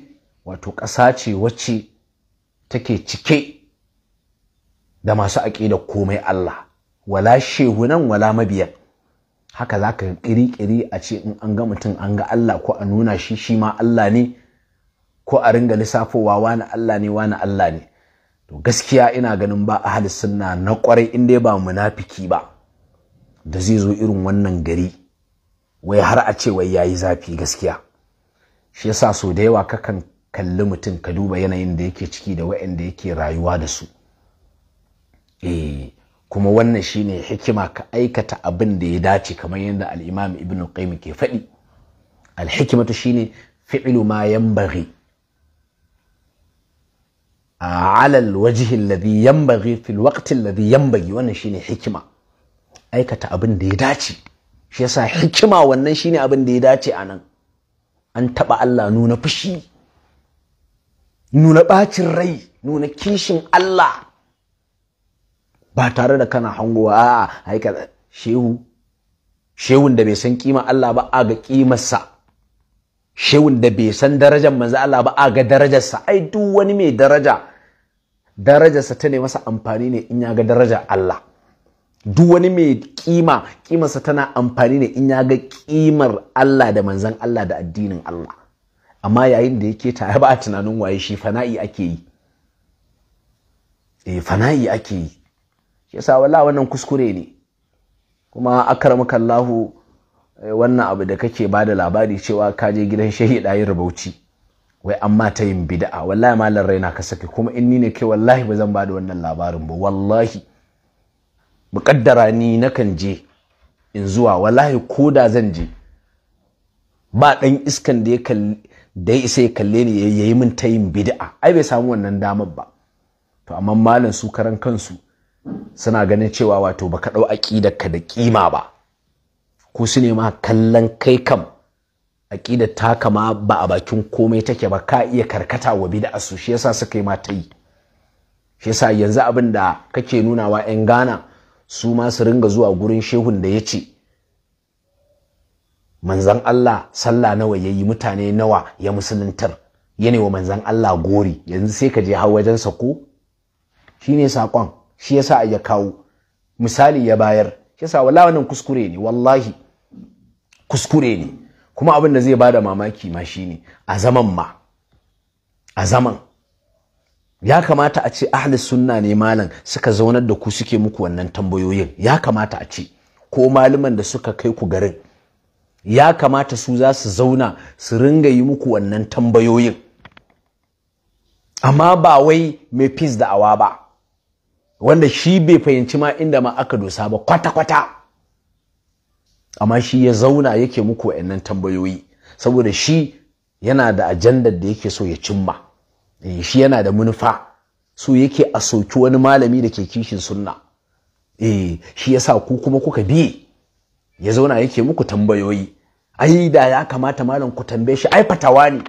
wato ƙasa ce wacce take cike da masu aƙida komai Allah wala shehunan wala mabiyan haka za ka ƙiri-ƙiri a ce in an ga mutum an ga Allah ko a nuna shi shi ma Allah ne ko a ringa lissafowa wani Allah ne wani Allah ne to gaskiya ina ganin ba hali suna na kwarai in dai ba munafiki ba da zai zo irin wannan gari wai har a ce wai yayi zafi gaskiya shi yasa sau da yawa kakan kalli mutum ka duba yanayin da yake ciki da waɗanda yake rayuwa da su eh kuma wannan shine hikima ka aikata abin da ya dace kamar yadda al-imam ibn qayyim ke faɗi al-hikmatu shine fi'lu ma yanbaghi ala al-wajhi alladhi yanbaghi fil waqti alladhi yanbaghi wannan shine hikima aikata abin da ya dace shi yasa hikima wannan shine abin da ya dace anan an taba Allah nuna fushi nuna bacin rai nuna kishin Allah ba tare da kana hangowa a'a haika shehu shehun da bai san kima Allah ba a ga kimarsa shehun da bai san darajar manzo Allah ba a ga darajarsa ai duk wani mai daraja darajarsa ta ne masa amfani ne in ya ga darajar Allah duk wani mai kima kimarsa tana amfani ne in ya ga kimar Allah da manzon Allah da addinin Allah amma yayin da yake tare ba a tunanin waye shi fana'i ake yi eh fana'i ake yi yasa wala wannan kuskure ne kuma akramaka Lahu, eh, wannan abu da kake bada labari cewa ka je gidan shahida yin rubauci wai amma ta yin bid'a wallahi malar raina ka saki kuma in ni ne kai wallahi ba zan ba da wannan labarin ba wallahi muƙaddara ni nakan je in zuwa wallahi ko da zan je ba ɗan iskan da ya da isa ya kalle ni ya yi min ta yin bida'a. ai bai samu wannan damar ba to amma malam su karan kansu suna ganin cewa wato baka ɗau aƙidarka da ƙima ba ko su ne ma kallon kai kam aƙidar ta kama ba a bakin komai take ba ka iya karkata wa bi da asu shi yasa suka yi mata yi shi yasa yanzu abin da kake nunawa 'yan gana su ma su ringa zuwa gurin shehun da ya ce manzan Allah sallah nawa ya yi mutane nawa ya musuluntar yanewa wa manzan Allah gori yanzu sai ka je har wajensa ko Shi ne saƙon shi yasa ya kawo misali ya bayar shi yasa wallahi wannan kuskure ne wallahi kuskure ne kuma abin da zai bada mamaki ma shine a zaman ma a zaman ya kamata a ce ahli sunna ne malam suka zaunar da ku suke muku wannan tambayoyin ya kamata a ce ko malaman da suka kai ku garin ya kamata su za su zauna su ringa yi muku wannan tambayoyin amma ba wai mai fis da awa ba wanda shi bai fahimci ma inda ma aka dosa ba kwata-kwata amma shi ya zauna yake muku wa'annan tambayoyi saboda shi yana da ajandar da yake so ya cimma eh, shi yana da manufa so yake a soki wani malami da ke kishin sunna eh shi yasa ku kuma kuka bi ya zauna yake muku tambayoyi ai da ya kamata malam ku tambaye shi ai fatawa ne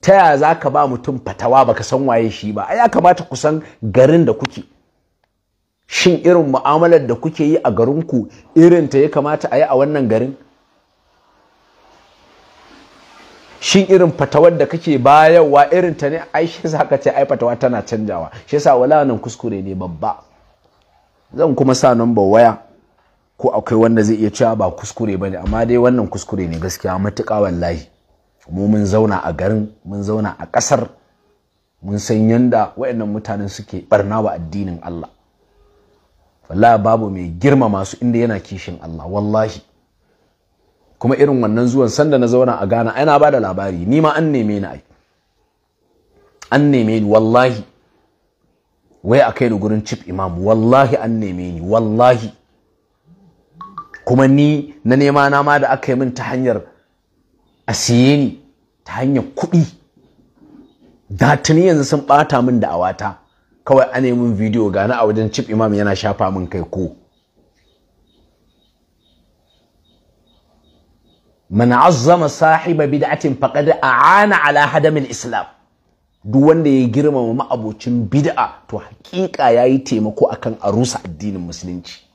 ta ya za ka ba mutum fatawa baka san waye shi ba ya kamata ku san garin da kuke shin irin mu'amalar da kuke yi a garinku irin ta ya kamata a yi a wannan garin shin irin fatawar da kake bayarwa irin ta ne ai shi za ka ce ai fatawa tana canjawa shi yasa wala nan kuskure ne babba zan kuma sa number waya ko akwai wanda zai iya cewa ba kuskure ba ne. amma dai wannan kuskure ne gaskiya matuƙa wallahi mu mun zauna a garin mun zauna a ƙasar mun san yanda waɗannan mutanen suke barna wa addinin Allah wallahi babu mai girma masu inda yana kishin Allah wallahi kuma irin wannan zuwan sanda na zauna a Ghana ana ba da labari ni ma an neme ni ai an neme ni wallahi wai a kai ni gurin chief imam wallahi an neme ni wallahi kuma ni na nema na ma da aka yi min ta hanyar a siye ni ta hanyar kuɗi da tuni yanzu sun ɓata min da awata kawai ana min bidiyo gani a wajen cip imam yana shafa min kai ko man azzama sahiba bid'atin faqad a'ana ala hadamil islam duk wanda ya girmama ma'abocin bid'a to ya yayi taimako akan arusa addinin musulunci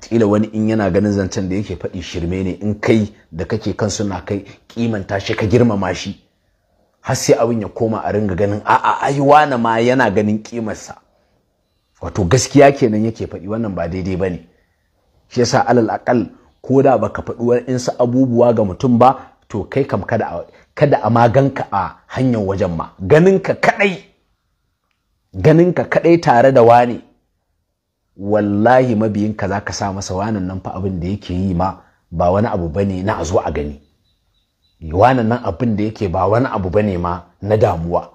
kila wani in yana ganin zancen da yake faɗi shirme ne in kai da kake kan suna kai kimanta shi ka girmama shi har sai abin ya koma a ringa ganin a'a ai wani ma yana ganin kimarsa wato gaskiya kenan yake faɗi wannan ba daidai ba ne shi yasa alal akal ko da baka faɗi su abubuwa ga mutum ba to kai kam kada kada a maganka a hanyar wajen ma ganinka kadai ganinka kadai tare da wani. wallahi mabiyinka za ka sa masa wanan nan fa abin da yake yi ma ba wani abu bane na a zo a gani wanan nan abin da yake ba wani abu bane ma na damuwa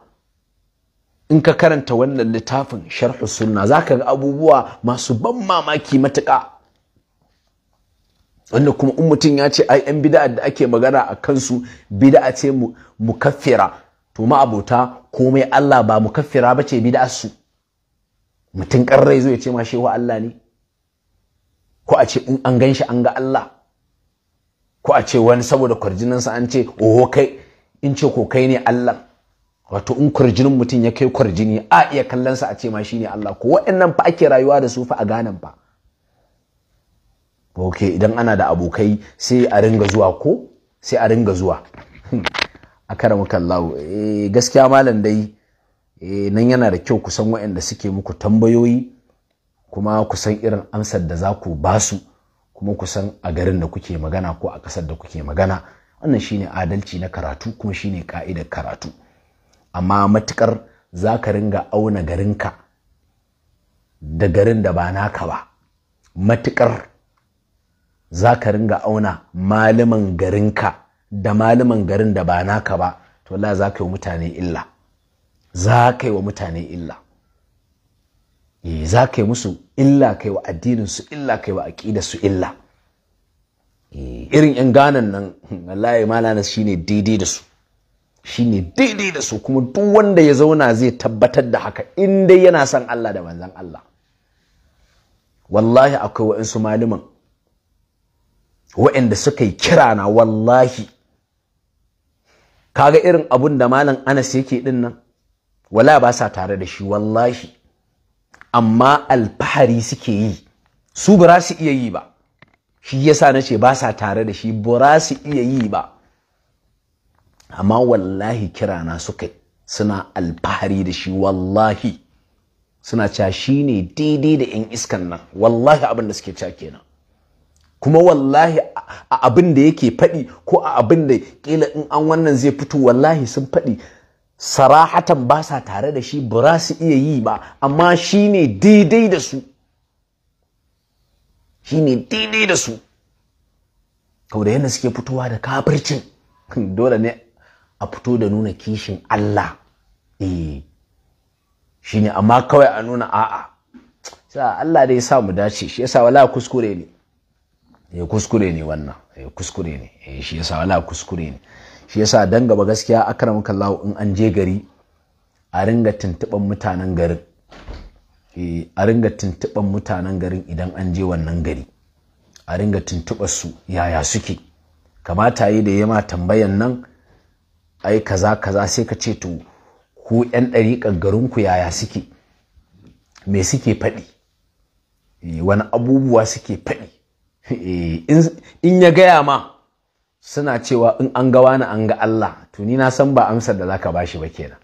in ka karanta wannan littafin sharhu sunna za ka ga abubuwa masu ban mamaki matuƙa wanda kuma in mutum ya ce ai yan bida'a da ake magana a kansu bida'a ce mukaffira to ma abota komai Allah ba mukaffira ba ce bida'ar su mutum karrai ya ce ma shehu Allah ne ko a ce in an gan shi an ga Allah ko a ce wani saboda kwarjininsa an ce oho kai in ce ko kai ne Allah wato in kwarjinin mutum ya kai kwarjini a iya kallonsa a ce ma shi ne Allah ko waɗannan fa ake rayuwa da su fa a ganan fa ok idan ana da abokai sai a ringa zuwa ko sai a ringa zuwa hmm. a karamukan lawo eh, gaskiya malam dai e, nan yana da kyau kusan waɗanda suke muku tambayoyi kuma kusan irin amsar da za ku ba su kuma kusan a garin da kuke magana ko a ƙasar da kuke magana wannan shine adalci na karatu kuma shine ka'idar karatu amma matukar za ka ringa auna garinka da garin da ba naka ba matukar za ka ringa auna malaman garinka da malaman garin da ba naka ba to la za ka yi mutane illa za ka yi wa mutane illa eh, za ka yi musu illa kai wa addininsu illa kai wa aƙidarsu illa eh, irin 'yan ganan nan [LAUGHS] wallahi malana ne daidai da su ne daidai da su kuma duk wanda ya zauna zai tabbatar da haka in dai yana son Allah da manzon Allah wallahi akwai wa'insu maluman wa'inda suka yi kira na wallahi kaga irin abun da malam Anas yake din nan wala ba sa tare da shi wallahi amma alfahari suke yi su bura su iya yi ba shi yasa na ce ba sa tare da shi burasu su iya yi ba amma wallahi kirana suka suna alfahari da shi wallahi suna cewa shi ne daidai da 'yan iskan nan wallahi abin da suke cewa kenan kuma wallahi a abin da yake faɗi ko a abin da ƙila in an wannan zai fito wallahi sun faɗi sarahatan ba sa tare da shi ba su iya yi ba amma shi ne daidai da su shi ne daidai da su kau da yadda suke fitowa da kafircin hmm, dole ne a fito da nuna kishin Allah eh, shi ne amma kawai a nuna a'a sa Allah dai sa mu dace shi yasa wala kuskure ne eh, kuskure ne wannan Ya eh, kuskure ne shi yasa wala kuskure ne shi yasa dan gaba gaskiya akramaka Allah in an je gari a ringa tuntuban mutanen garin eh, a ringa tuntuban mutanen garin idan an je wannan gari a ringa tuntuɓar su yaya suke kamata yi da yama tambayan nan ai kaza kaza sai ka ce to ku yan garin ku yaya suke me suke faɗi eh, wani abubuwa suke faɗi [LAUGHS] eh, in ya gaya ma suna cewa in an ga wani an ga Allah to ni na san ba amsar da zaka bashi ba kenan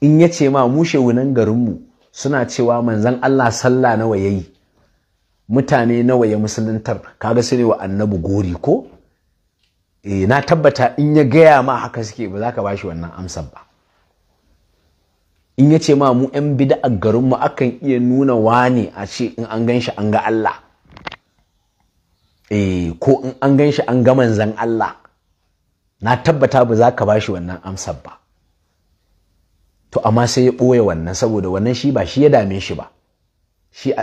in ya ce ma mu shewunan garinmu suna cewa manzan Allah sallah nawa yayi mutane nawa ya musuluntar kaga su ne wa annabi gori ko eh na tabbata in ya gaya ma haka suke ba zaka bashi wannan amsar ba in ya ce ma mu 'yan bid'a garinmu akan iya nuna wane a ce in an gan shi an ga Allah eh ko in an gan shi an ga manzan Allah na tabbata ba za ka bashi wannan amsar ba to amma sai ya ɓoye wannan saboda wannan shi ba shi ya dame shi ba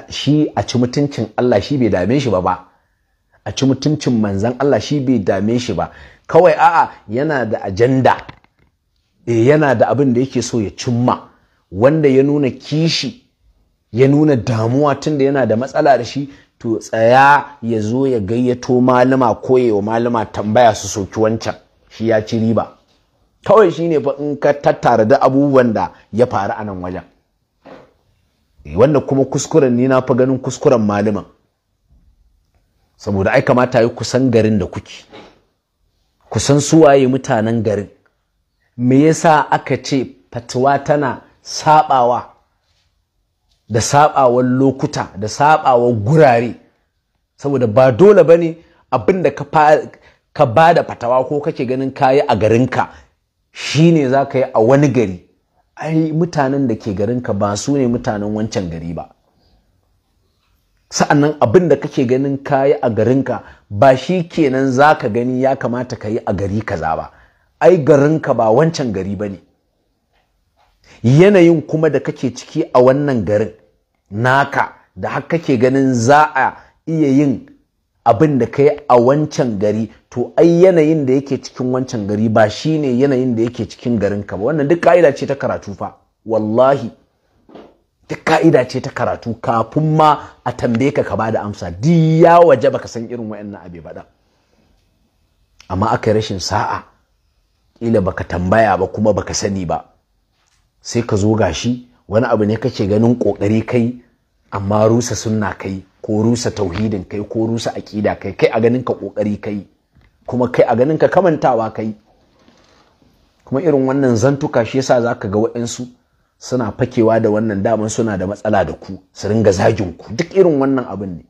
shi a ci mutuncin Allah shi bai dame shi ba ba a ci mutuncin manzan Allah shi bai dame shi ba kawai a'a yana da ajanda e yana da abin da yake so ya cimma wanda ya nuna kishi ya nuna damuwa tunda yana da matsala da shi to tsaya ya zo ya gayyato malama ko ya wa malama tambaya su soki wancan shi ya ci riba kawai shi ne fa in ka tattara da abubuwan da ya faru a nan wajen eh, wanda kuma kuskuren ni na fa ganin kuskuren malaman saboda ai kamata yi kusan garin da kuke kusan suwaye mutanen garin me yasa aka ce fatuwa tana sabawa da saɓawar lokuta da saɓawar gurare saboda ba dole ba ne abinda ka ba da fatawa ko kake ganin kayi a garinka shi ne za ka yi a wani gari ai mutanen da ke garinka ba su ne mutanen wancan gari ba sa'annan abin da kake ganin kayi a garinka ba shi kenan za ka gani ya kamata ka yi a gari kaza ba ai garinka ba wancan gari ba ne yanayin kuma da kake ciki a wannan garin naka da har kake ganin za a iya yin abin da kai a wancan gari to ai yanayin da yake cikin wancan gari ba shine yanayin da yake cikin garin ka ba wannan duk ka'ida ce ta karatu fa wallahi duk ka'ida ce ta karatu kafin ma a tambaye ka ka bada amsa di ya waje baka san irin wayannan abe baɗa amma aka yi rashin sa'a kila baka tambaya ba kuma baka sani ba sai ka zo gashi wani abu ne kake ganin kokari kai amma rusa sunna kai ko rusa tauhidin kai ko rusa aƙida kai kai a ganin ka kokari kai kuma kai a ganin ka kamantawa kai kuma irin wannan zantuka shi yasa zaka ga waɗansu suna fakewa da wannan daman suna da matsala da ku su ringa zagin ku duk irin wannan abin ne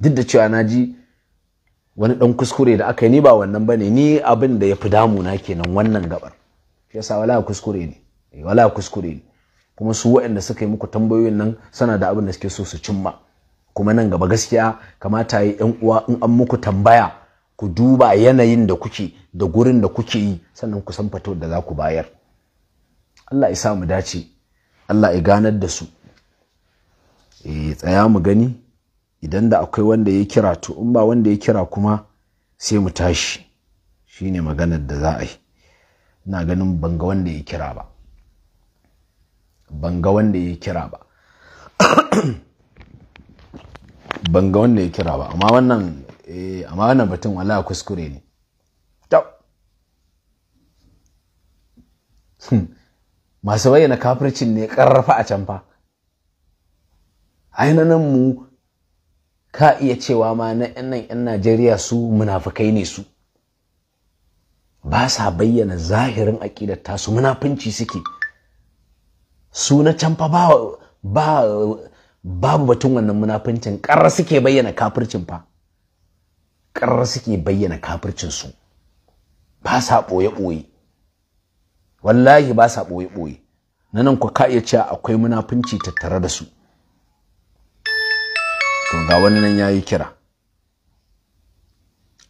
duk da cewa na ji wani ɗan kuskure da aka yi ni ba wannan bane ni abin da ya fi damuna kenan wannan gabar shi yasa wala kuskure ne Eh, wala kuskure ne kuma su waɗanda suka yi muku tambayoyin nan sana da abin da suke so su cimma kuma nan gaba gaskiya kamata yi yan uwa in an muku tambaya ku duba yanayin da kuke da gurin da kuke yi sannan ku san fito da za ku bayar Allah ya sa mu dace Allah ya ganar da su eh tsaya mu gani idan da akwai wanda ya kira to in ba wanda ya kira kuma sai mu tashi shine maganar da za a yi ina ganin banga wanda ya kira ba ban ga wanda ya kira ba [COUGHS] ban wanda ya kira ba amma wannan eh, amma wannan batun wala kuskure ne hmm. masu bayyana kafircin ne karrafa a can fa nan mu ka iya cewa ma na 'yanan nan 'yan najeriya su munafukai ne su ba sa bayyana zahirin aƙidar tasu munafunci suke su na can fa babu batun wannan munafincin ƙarra suke bayyana kafircin fa ƙarra suke bayyana kafircin su ba sa ɓoye ɓoye wallahi ba sa ɓoye ɓoye na nan ku ka iya cewa akwai munafunci tattare da su to ga wani nan yayi kira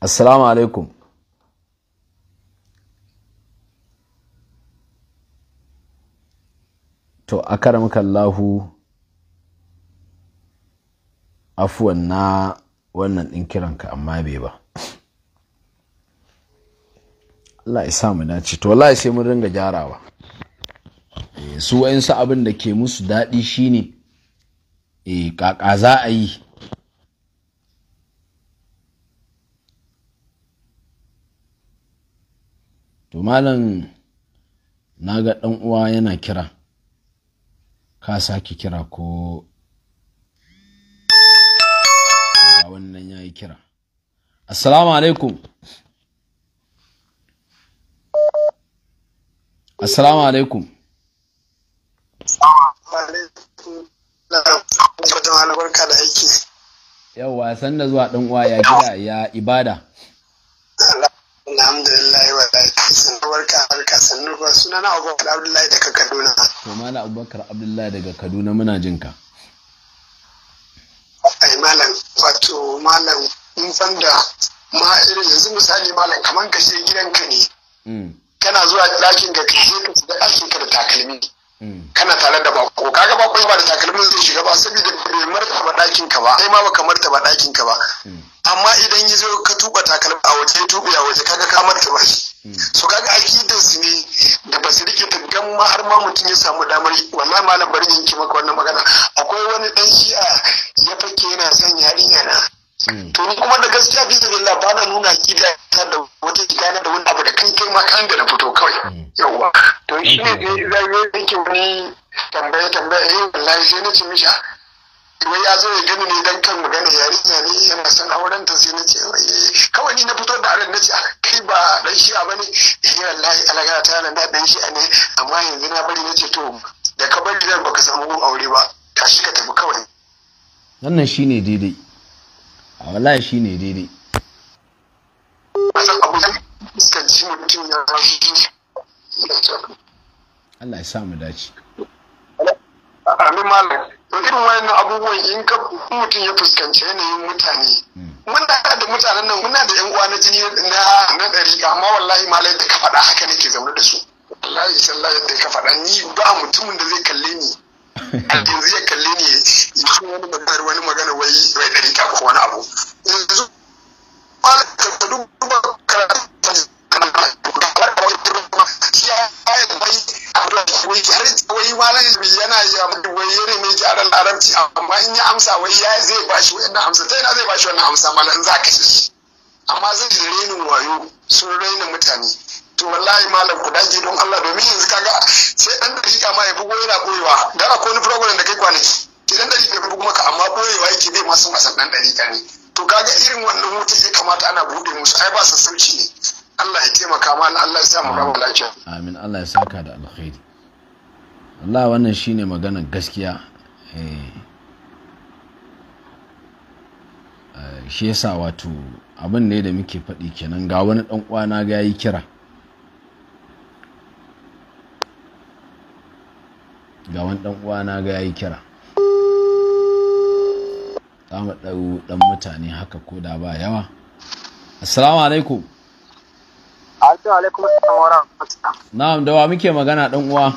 assalamu alaikum to a Lahu, afuwan na wannan ɗin kiranka amma bai ba Allah ya samu dace to ya sai mun ringa gyarawa eh, su su abin da ke musu daɗi shine eh kaka za a yi to malam na ga uwa yana kira ka sake kira ko wannan ya yi kira assalamu alaikum assalamu alaikum Yau san da zuwa ɗan ya gida ya ibada a sannu ba suna na abubakar abdullahi daga kaduna to mala abubakar abdullahi daga kaduna muna jin ka ai malam wato malam in san da ma irin yanzu misali malam kamar ka gidanka ne mm. kana zuwa ɗakin ga ka ka da ɗakin ka da takalmi kana tare da bako kaga bako ba da takalmin zai shiga ba saboda bai martaba ɗakin ka ba kai ma baka martaba ɗakin ka ba amma idan ya zo ka tuba takalmin a waje tuba ya waje kaga ka martaba shi so kaga akidar su ne da ba su rike taggan ma har ma mutum ya samu damar wallahi malam bari yanki maka wannan magana akwai wani dan shi'a ya fake yana son yarinya na to mm. kuma da gaskiya bismillah ba na nuna ki da wata kida da wani abu da kan kai ma kan da na fito kawai mm. yawa to shi ne zai yake wani tambaya tambaya eh wallahi sai na ci misha. Ah, wai ya zo ya gani ne dan kan magana yarinya ne yana son auren ta sai na ce kawai ni na fito da aran na ce ah, kai ba dan shi a bane eh wallahi alaga ta nan da dan shi ne amma yanzu na bari na ce to da ka bari zan baka samu aure ba shi ka tafi kawai wannan shine daidai a wallahi shi ne daidai Allah ya sa mu dace amin malam irin wayannan abubuwan in ka mutum ya fuskanci yanayin mutane hmm. muna da mutanen nan muna da yan uwa na jini na na dari amma wallahi malam da ka faɗa haka nake zaune da su wallahi sallahi da ka faɗa ni ba mutumin da zai kalle ni yanzu zai kalle ni ya wani magana wani magana wai wai dari ka ko wani abu yanzu ka duba wai wai malam yana ya mutu wai yare mai gyaran larabci amma in ya amsa wai ya zai bashi wannan amsa ta yana zai bashi wannan amsa malam za ka shi amma zai renin wayo sun raina mutane to wallahi malam ku dage don Allah domin yanzu kaga sai dan dakika ma ya bugo yana boyewa da akwai wani program da kai kwanaki ki dan dakika ya bugo maka amma koyewa yake bai masu masan dan dakika ne to kaga irin wannan wuta ya kamata ana bude musu ai ba sassauci ne Allah ya taimaka na Allah ya sa mu rabu lafiya amin Allah ya saka da alkhairi Allah wannan shine maganar gaskiya eh, eh, shi yasa wato abin ne da muke faɗi kenan ga wani ɗan uwana ga yi kira ga wani dan uwa na ga yayi kira za mu ɗau ɗan mutane haka ko da ba yawa assalamu alaikum alaikum na'am da wa muke magana dan uwa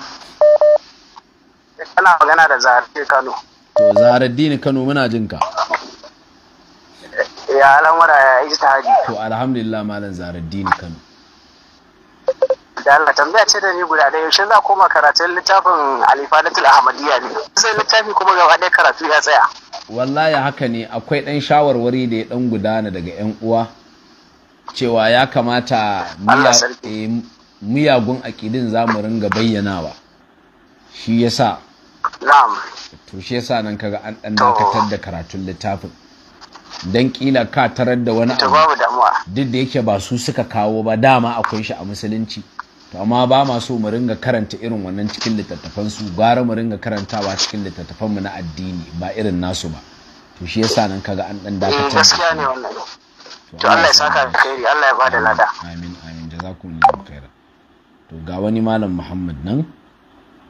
kana magana da zaharaddini kano to zaharaddini kano muna jin ka eh, ya al'amura ya haji to alhamdulillah malam zaharaddini kano da Allah tambaya ce da ni guda ɗaya yaushe za koma karatun littafin alifadatul ahmadiyya ne sai littafi kuma gaba ɗaya karatu ya tsaya wallahi haka ne akwai ɗan shawarwari da ya ɗan gudana daga yan uwa cewa ya kamata eh, miyagun aƙidin za mu ringa bayyanawa shi ya sa to shi sa nan kaga an ɗan dakatar da karatun littafin don kila ka tarar da wani abu duk da yake ba su suka kawo ba dama akwai shi a musulunci to amma ba ma so mu ringa karanta irin wannan cikin littattafan su gara mu ringa karantawa cikin littattafan mu na addini ba irin nasu ba to shi yasa nan kaga an dan dakatar eh, gaskiya ne wannan to Allah ya saka alkhairi Allah ya bada lada amin amin jazakumullahu khairan to ga wani malam Muhammad nan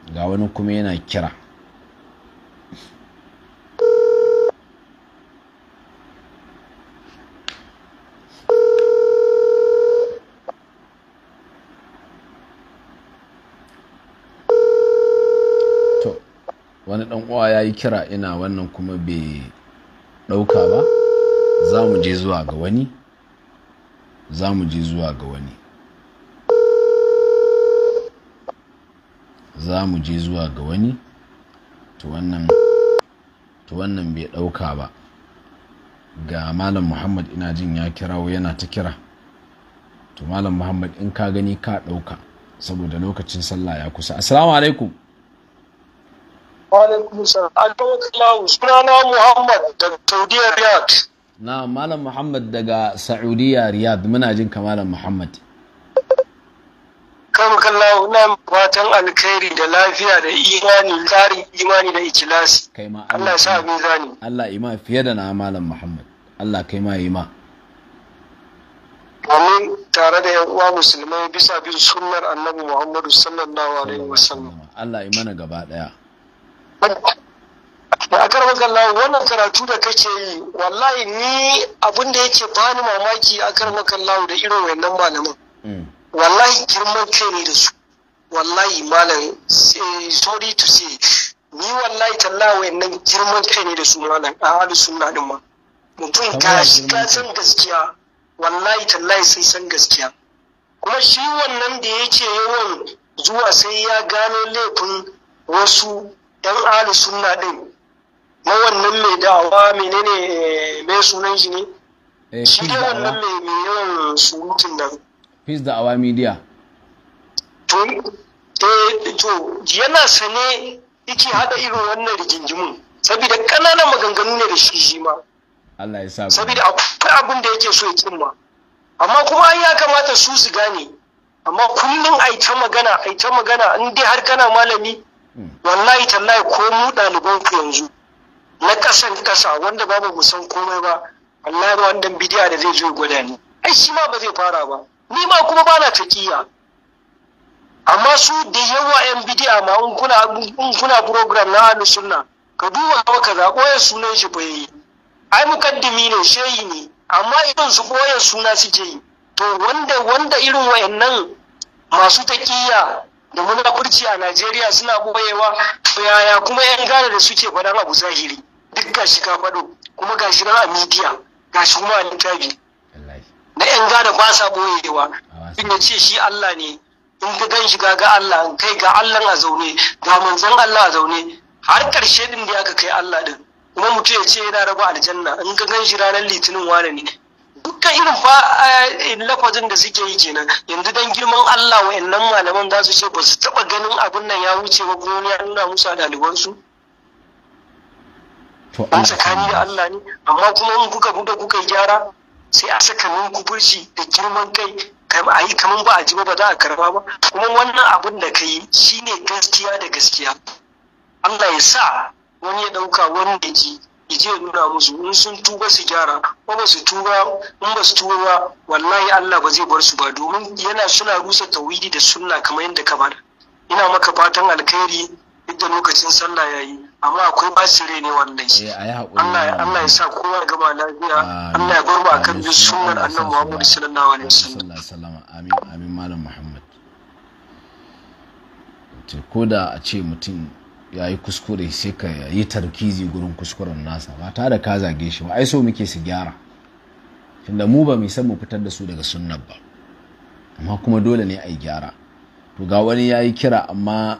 ga wani kuma yana kira wani dan uwa ya yi kira ina wannan kuma bai ɗauka ba za mu je zuwa ga wani za mu je zuwa ga wani za mu je zuwa ga wani to wannan bai ɗauka ba ga malam muhammad ina jin ya kirawo yana ta kira to malam muhammad in ka gani ka ɗauka saboda lokacin sallah ya kusa assalamu alaikum Muhammad Na Malam Muhammad daga Saudiya Riyadh muna jin ka Malam Muhammad. Kan kallahu na fatan alkhairi da lafiya da imani tsari imani da ikilasi. Kai ma Allah sa abin zani. Allah ima fiye da na Malam Muhammad. Allah kai ma ima. Amin tare da yan uwa musulmai bisa bin sunnar Annabi Muhammadu sallallahu alaihi wasallam. Allah na gaba daya. da akar makalla wannan karatu da kake yi wallahi ni abin da yake bani mamaki akar makalla da irin wannan malamin hmm. wallahi girman kai ne da su wallahi malam eh, sorry to say ni wallahi talla wannan girman kai ne da su malam a halin sunna din ma mutum ka san gaskiya wallahi tallahi sai san gaskiya kuma shi wannan da yake yawan zuwa sai ya gano laifin wasu dan ahli sunna din na wannan mai da'awa menene mai sunan shi ne eh, shi ne wannan mai mai yawan surutun nan peace awa media to eh to yana sane yake hada irin wannan rigingimun saboda kananan maganganu ne da shi shi ma Allah ya sa saboda akwai abin da yake so ya cimma amma kuma an ya kamata su su gane amma kullum a ta magana a ta magana in dai har kana malami wallahi tallahi ko mu ɗaliban ku yanzu na ƙasan ƙasa wanda babu mu san komai ba wallahi ba wannan bidiya da zai zo gwada ni ai shi ma ba zai fara ba ni ma kuma ba na taƙiya amma su da yawa yan bidiya ma in kuna in kuna program na ahlus sunna ka duba maka za koyar sunan shi fa yayi ai mukaddimi ne shehi ne amma irin su koyar suna suke yi to wanda wanda irin wayannan masu taƙiya da munafurci a Najeriya suna boyewa yaya kuma yan gane da suke faɗan abu zahiri duk gashi ka faɗo kuma gashi na a midiya gashi kuma a littafi na yan gane ba sa boyewa in ya ce shi Allah ne in ka gan shiga ga Allah kai ga Allah a zaune ga manzon Allah a zaune har karshe din da aka kai Allah din kuma mutum ya ce yana raba aljanna in ka gan shi ranar litinin wane ne Duka irin fa eh, eh, lafazin da suke yi kenan yanzu dan girman Allah wayannan malaman za su ce ba su taba ganin abin nan ya wuce ba kuma ya nuna musu a ɗaliban su ba tsakani da Allah ne amma kuma in kuka buɗe kuka gyara sai a saka min kuburci da girman kai a yi kamar ba a ji ba za a karba ba kuma wannan abin da ka yi shine gaskiya da gaskiya Allah ya sa wani ya ɗauka wani ya ji ije nuna musu in sun tuba su gyara ko ba su tuba in ba su tuba ba wallahi Allah ba zai bar su ba domin yana suna rusa tauhidi da sunna kamar yadda ka bada ina maka fatan alkhairi duk lokacin sallah yayi amma akwai basire ne wannan shi eh, Allah ya sa kowa ya gama lafiya Allah ya gurba akan bi sunnar annabi Muhammad sallallahu alaihi wasallam amin amin malam Muhammad ko da a ce mutum ya yi kuskure sai ka yi tarkizi gurin kuskuren nasa ba tare da ka zage shi ba ai so muke su gyara tunda mu ba mu san mu fitar da su daga sunnar ba amma kuma dole ne a yi gyara to ga wani ya yi kira amma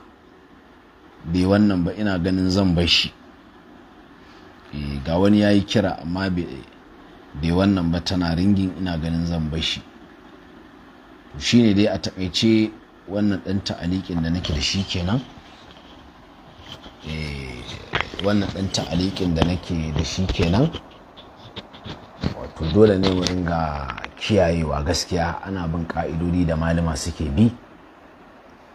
bai wannan ba ina ganin zan bar shi eh, ga wani ya yi kira amma bai wannan ba tana ringin ina ganin zan bar shi to shine dai a taƙaice wannan ɗan ta'aliƙin da nake da shi kenan Eh, wannan ɗan ta'alikin da nake da shi kenan wato dole ne mu ringa kiyayewa gaskiya ana bin ƙa'idodi da malama suke bi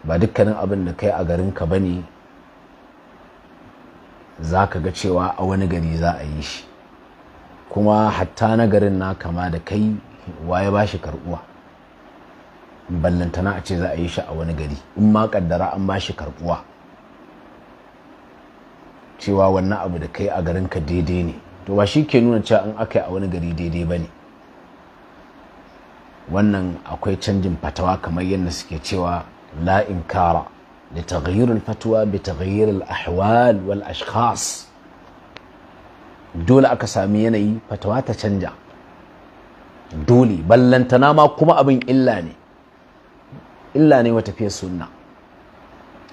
ba dukkanin abin da kai a garinka ba ne za ka ga cewa a wani gari za a yi shi kuma hatta na garin na kama da kai waye ba shi karɓuwa ballantana a ce za a yi shi a wani gari in ma ƙaddara an ba shi karɓuwa cewa wannan abu da kai a garinka daidai ne to ba shi ke nuna cewa in aka a wani gari daidai ba ne wannan akwai canjin fatawa kamar yadda suke cewa la inkara da taghayyurul fatawa bi taghayyurul ahwal wal ashkhas dole aka sami yanayi fatawa ta canja dole ballantana ma kuma abin illa ne illa ne wa tafiyar sunna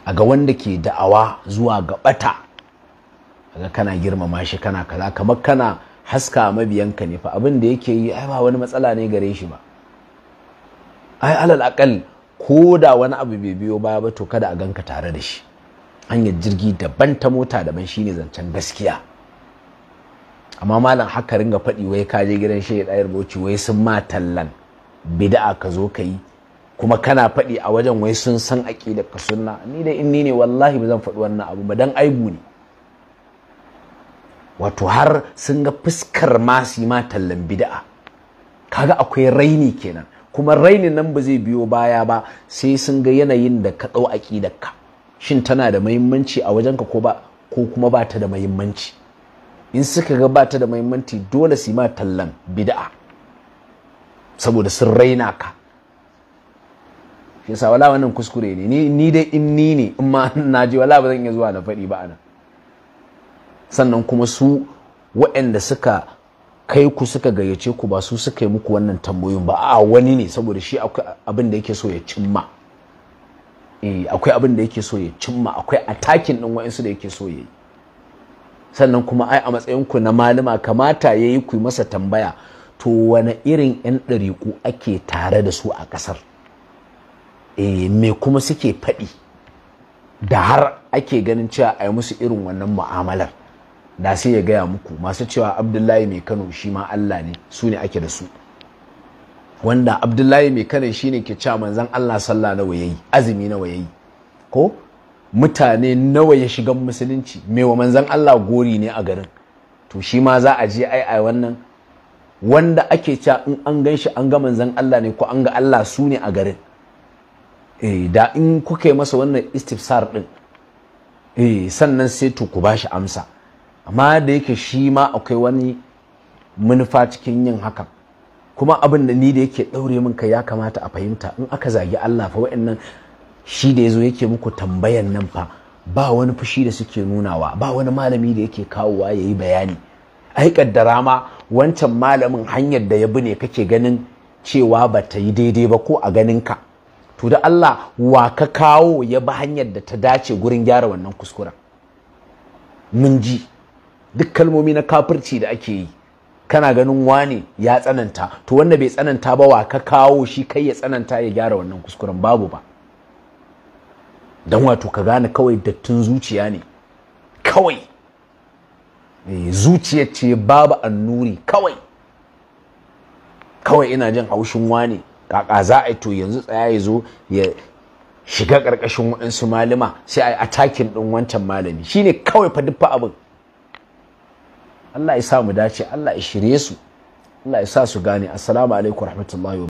a ga wanda ke da'awa zuwa ga bata kaga kana girmama shi kana kaza kamar kana haska mabiyanka ne fa abin da yake yi ai ba wani matsala ne gare shi ba ai alal akal ko da wani abu bai biyo baya ba to kada a ganka tare da shi hanyar jirgi daban ta mota daban shine zancen gaskiya amma malam haka ringa faɗi wai ka je gidan shehu ɗayar bauchi wai sun ma tallan bid'a ka zo ka kuma kana faɗi a wajen wai sun san aƙidar ka sunna ni da inni ne wallahi ba zan faɗi wannan abu ba dan aibu ne wato har sun ga fuskar masu ma tallan Ka kaga akwai raini kenan kuma rainin nan ba zai biyo baya ba sai sun ga yanayin da ka ɗau ka. shin tana da mahimmanci a wajenka ko ba ko kuma ba ta da mahimmanci in suka ga ba ta da mahimmanci dole su ma tallan bida'a saboda sun raina ka shi yasa wala wannan kuskure ne ni dai in ni ne in ma [LAUGHS] na ji wala ba zan iya zuwa na faɗi ba anan sannan kuma su waɗanda suka kai ku suka gayyace ku ba su suka yi muku wannan tambayoyin ba a wani ne saboda shi akwai abin da yake so ya cimma eh akwai abin da yake so ya cimma akwai attacking din wa'ansu da yake so ya yi sannan kuma ai a matsayin ku na malama kamata yayi ku masa tambaya to wani irin 'yan ɗariku ake tare da su a ƙasar eh me kuma suke faɗi da har ake ganin cewa a yi musu irin wannan mu'amalar da sai ya gaya muku masu cewa abdullahi mai kano shi ma allah ne su ne ake da su wanda abdullahi mai kano shi ne ke cewa manzan allah sallah nawa yi, azumi nawa yi, ko mutane nawa ya shiga musulunci mai wa manzan allah gori ne a garin to shi ma za a je ai ai wannan wanda ake cewa in an gan shi an ga manzan allah ne ko an ga allah su ne a garin eh da in kuka yi masa wannan istifsar din eh sannan sai to ku bashi amsa amma da yake shi ma akwai wani manufa cikin yin hakan kuma abin da ni da yake ɗaure min kai ya kamata a fahimta in aka zagi Allah fa wa'annan shi da yazo yake muku tambayan nan fa ba wani fushi da suke nunawa ba wani malami da yake kawowa yayi bayani ai kaddara ma wancan malamin hanyar da ya bi ne kake ganin cewa ba ta yi daidai ba ko a ganin ka to da Allah wa ka kawo ya bi hanyar da ta dace gurin gyara wannan kuskuren mun ji duk kalmomi na kafirci da ake yi kana ganin wane ya tsananta to wanda bai tsananta ba wa ka kawo shi kai ya tsananta ya gyara wannan kuskuren babu ba don wato ka gane kawai dattin zuciya ne kawai eh, zuciya ce babu annuri kawai kawai ina jin haushin wane kaka za a to yanzu tsaya ya zo ya shiga karkashin waɗansu malama sai a yi atakin ɗin wancan malami shine kawai fa fa abin Allah ya sa mu dace Allah ya shirye su Allah ya sa su gane assalamu alaikum warahmatullahi